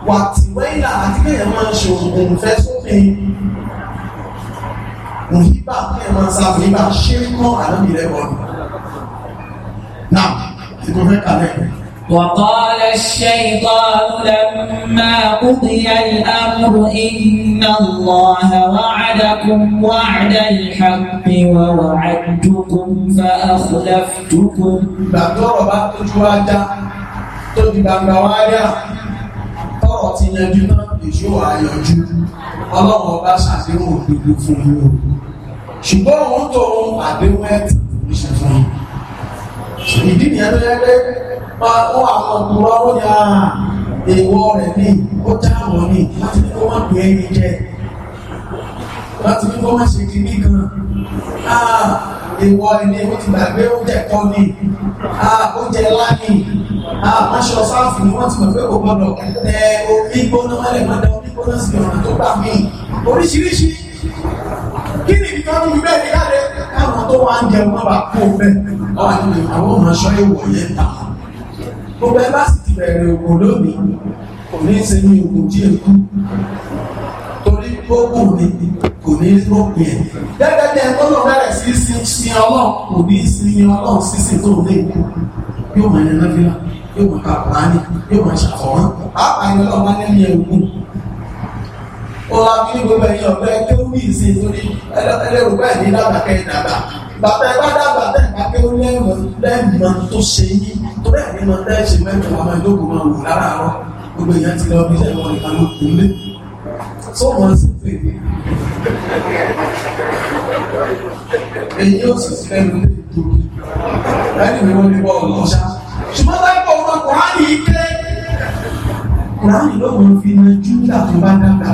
A: wàtìwẹ́yà àti kéèyàn máa ṣe òògùn ìfẹ́ sófin òhìbá kéèyàn máa sáfìbá ṣe ń kọ́ àlọ́ ìrẹ́wọ̀n náà ìgbọ̀nfẹ́ kàlẹ́ وقال الشيطان لما
B: قضي الأمر إن الله وعدكم وعد
A: الحق ووعدتكم فأخلفتكم بطور بطور وادا تودي بانغوايا tọrọ ti yanjú náà èso àyànjú ọlọ́run ọba ṣàdéhùn òdodo fún yín o ṣùgbọ́n òun tó àdéhùn ẹ̀ tì í ṣe fún yín ìdí nìyẹn tó yẹ pé ó àwọn ọ̀dùnrọ̀ ó ní àhà èèwọ̀ rẹ̀ ní ó dáàmọ̀ ní láti ní kó má pè é ní jẹ láti ní kó má ṣe kìíní kan àà èèwọ̀ ẹni ó ti gbàgbé ó jẹ kọ́ ni àà ó jẹ láàyè àà aṣọ sáàfù ni wọ́n ti mọ̀ pé kò gbọ́dọ̀ ẹ omi gbóná mọ́lẹ̀ má da omi gbóná sí ọ̀nà tó gbà mí oríṣiríṣi kí ni ìdíkọ́nù bẹ́ẹ̀ ni káàdé káwọn tó wá ń jẹun náà bá kó bẹ́ẹ̀ àwọn ọmọ aṣọ ìwọ̀ yẹn tà wọ́n gbogbo ẹ bá sì ti bẹ̀rẹ̀ òkò lónìí kò ní í ṣe ní òkò tí è kú torí tó kù ní kò ní í lópin ẹ̀ dẹ́gbẹ́dẹ́ tó lọ bẹ̀rẹ̀ sí sin sin ọlọ́run kò ní í sin yin ọlọ́run sísìn tó lè kú yóò máa yan náfìlà yóò máa ka kùránì yóò máa ṣàkọ́rán pàápàá yẹn lọ́wọ́ bá lẹ́nu yẹn òkú ọ̀la kí ni gbogbo ẹ̀yin ọ̀gbẹ́ tó ní ìsìn torí ẹlẹ́rù bẹ́ẹ̀ ní dàgbà kẹ́ torí àní mọ tẹ́ ṣe mẹ́jọ àwọn ìjókòó máa wù láràárọ̀ gbogbo èèyàn ti lọ bí iṣẹ́ wọn nìkan ló kù sì pè é èyí ó sì fẹ́ lórí ìdókè láì ní wọ́n ní bọ́ọ̀lù ọ̀ṣá ṣùgbọ́n láìpẹ́ ọmọ kùránì ike kùránì lóògùn fi na júdà tó bá dàgbà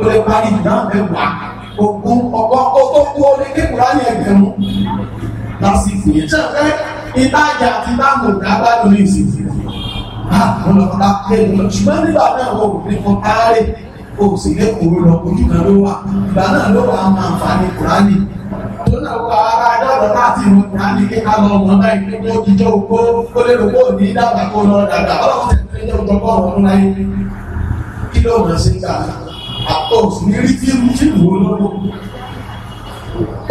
A: ó lè parí ìdáhùn mẹ́wàá ogún ọgbọ́n ó tó kú ó lè dé kùránì ẹgbẹ̀rún lásìkò yẹn ṣe fẹ́ ìtajà àti báàmù ìdágbàdo ní ìsìnkú àwọn ọ̀tá ẹ̀rọ ṣùgbọ́n nígbà náà wọ́n kò ní kan káárẹ̀ kò sì lé kòrò lọ ojú kan ló wà ìgbà náà ló wà máa ń fani kùránì tó náà wọ ara dábọ̀ láti ìwọ̀n kùránì kí ká lọ mọ̀ náà ìpín tó jíjọ́ ògbó ó lérò kó ní dábàá kó lọ dàgbà ọlọ́run tẹ̀lé jẹ́ òjò kọ́ ọ̀run láyé kí ló mọ̀ sí ìgbà àpò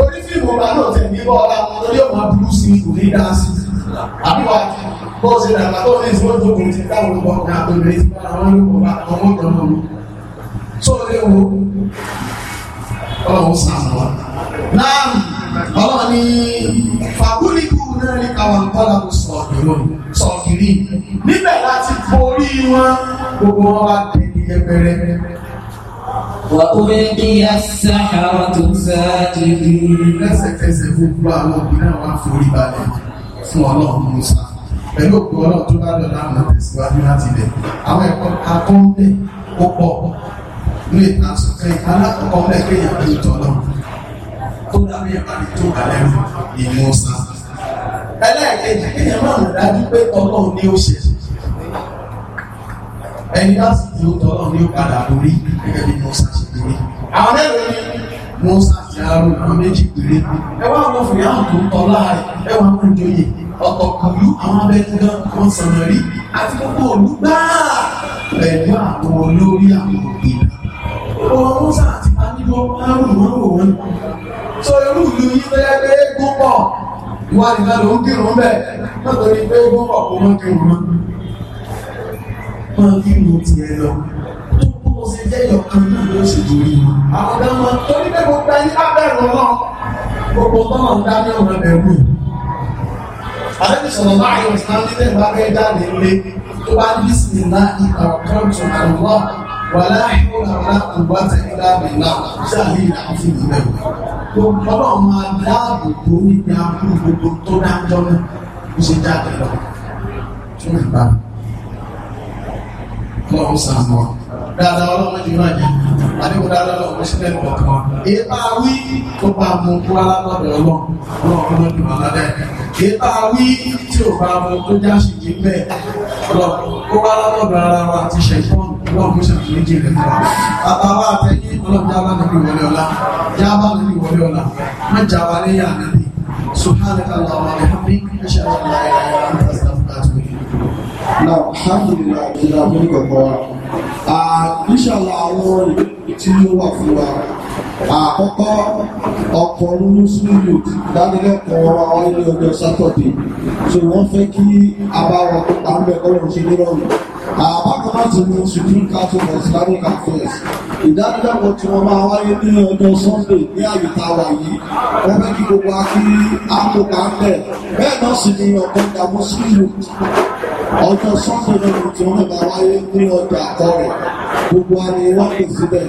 A: onífíìmù ọba náà tẹ̀ ní bọ́ ọba wọn lórí ọmọ burú sí kò ní dá sí àbúwá bó ṣe dàgbà tó ní ìṣòro tó kò ti dáwọn ọmọ ọ̀gá obìnrin ti bára wọn lóko bá ọmọ ọ̀dọ́mọ mi tó léwu ọlọ́run sàn wá. náà ọlọ́run ní fàbúlìkù náà ní káwọn kọ́lá kò sọ ìlú sọ kiri níbẹ̀ láti borí wọn gbogbo wọn wá dé ní ẹgbẹ̀rẹ̀ وألقي السحرة ساجدين lẹ́sẹ̀kẹsẹ̀ gbogbo àwọn obìnrin náà wá forí balẹ̀ fún ọlọ́run musa pẹ̀lú òkú ọlọ́run tó bá dọ̀la àwọn tẹ̀síwájú láti lẹ̀ àwọn ẹ̀kọ́ akọ́ńdẹ̀ ó pọ̀ ní àsùnkẹ́ alákọ̀ọ́kọ́ mẹ́kẹ́yà tó tọ̀lọ̀ tó dábí ìbàdí tó balẹ̀ fún ìmúsa ẹlẹ́ẹ̀kejì kéèyàn máa mọ̀ dájú pé ọlọ́run ni ó ṣe ẹni láti di ó tọ́lọ́ ní ó padà borí gẹ́gẹ́ bí Mùsá ṣe borí. Àwọn ẹ̀rọ ni Mùsá ti arú àwọn méjì péré. Ẹ wá àwọn ọkùnrin àwọn tó ń tọ́ láàrin, ẹ wá àwọn ìjòyè, ọ̀tọ̀ kùlú àwọn abẹ́gán kan sọ̀rọ̀ rí àti gbogbo olùgbà pẹ̀lú àwọn olórí àwọn òbí. Òwò Mùsá àti Bánígbó arú wọn wò wọn. Sọ irú ìlú yìí fẹ́ gbé gbó pọ̀. Ìwádìí náà ló ń kírun bẹ́ẹ̀. Lọ́tọ̀ ni gbé gbó pọ̀ kó mọ́ kírun náà máa fi mú tiẹ̀ lọ tó bó ṣe jẹ́ ìyọ̀kan náà ló ṣe torí wọn. àwọn ọ̀dọ́ wọn torí pé gbogbo ẹni bá bẹ̀rù ọlọ́run gbogbo tọ́lọ̀ ń dá ní ọ̀rọ̀ bẹ̀rù. àlejò sọ̀rọ̀ máa yọ sàn nílé bá fẹ́ jáde lé tó bá ní sinimá ìgbà kan tó àlọ́ wà láàyò làwọn àgbà tẹ̀lé láàbẹ̀ náà sáré ìlànà fún ìbẹ̀rù. gbogbo ọlọ́run ọlọ́run sàmọ́ dáadáa ọlọ́run ti máa jẹ àdéhùn dáadáa ọlọ́run sí lẹ́nu ọ̀kan èébá wí tó bá mú kó alábọ̀dọ̀ ọlọ́run ọlọ́run ló dùn aládẹ́ èébá wí tí ò bá mú tó já sí jí bẹ́ẹ̀ ọlọ́run kó bá alábọ̀dọ̀ ara wa ti ṣe fún ọlọ́run ṣe fún méjì rẹ̀ fún wa àtàwọn àtẹ̀yìn ọlọ́run jábá níbi ìwọlé ọlá jábá níbi ìwọlé ọlá má jáwa léyà níbi subhanahu wa ta'ala wa bihamdihi ashhadu an la ilaha illa anta náà alhamdulillah ìjọba fún ìkọ̀kọ̀ wa àbíṣàlá àwọn tí ó wà fún wa àkọ́kọ́ ọkọ̀ lórí sílùú dánilẹ́kọ̀ọ́ wa wáyé ní ọjọ́ sátọ̀dé so wọ́n fẹ́ kí abáwọn àmì ẹ̀kọ́ lòun ṣe nírọ̀rùn how to move supreme council for islamic affairs ìdánilẹ́kọ̀ọ́ tí wọ́n máa wáyé ní ọjọ́ sunday ní àyíká wa yìí wọ́n fẹ́ kí gbogbo akí àkókò àpẹ bẹ́ẹ̀ náà sì ni ọ̀kan ìdààmú sílù ọjọ́ sunday náà tí wọ́n máa wáyé ní ọjọ́ àkọrẹ
C: gbogbo ààrẹ wọ́n pè síbẹ̀.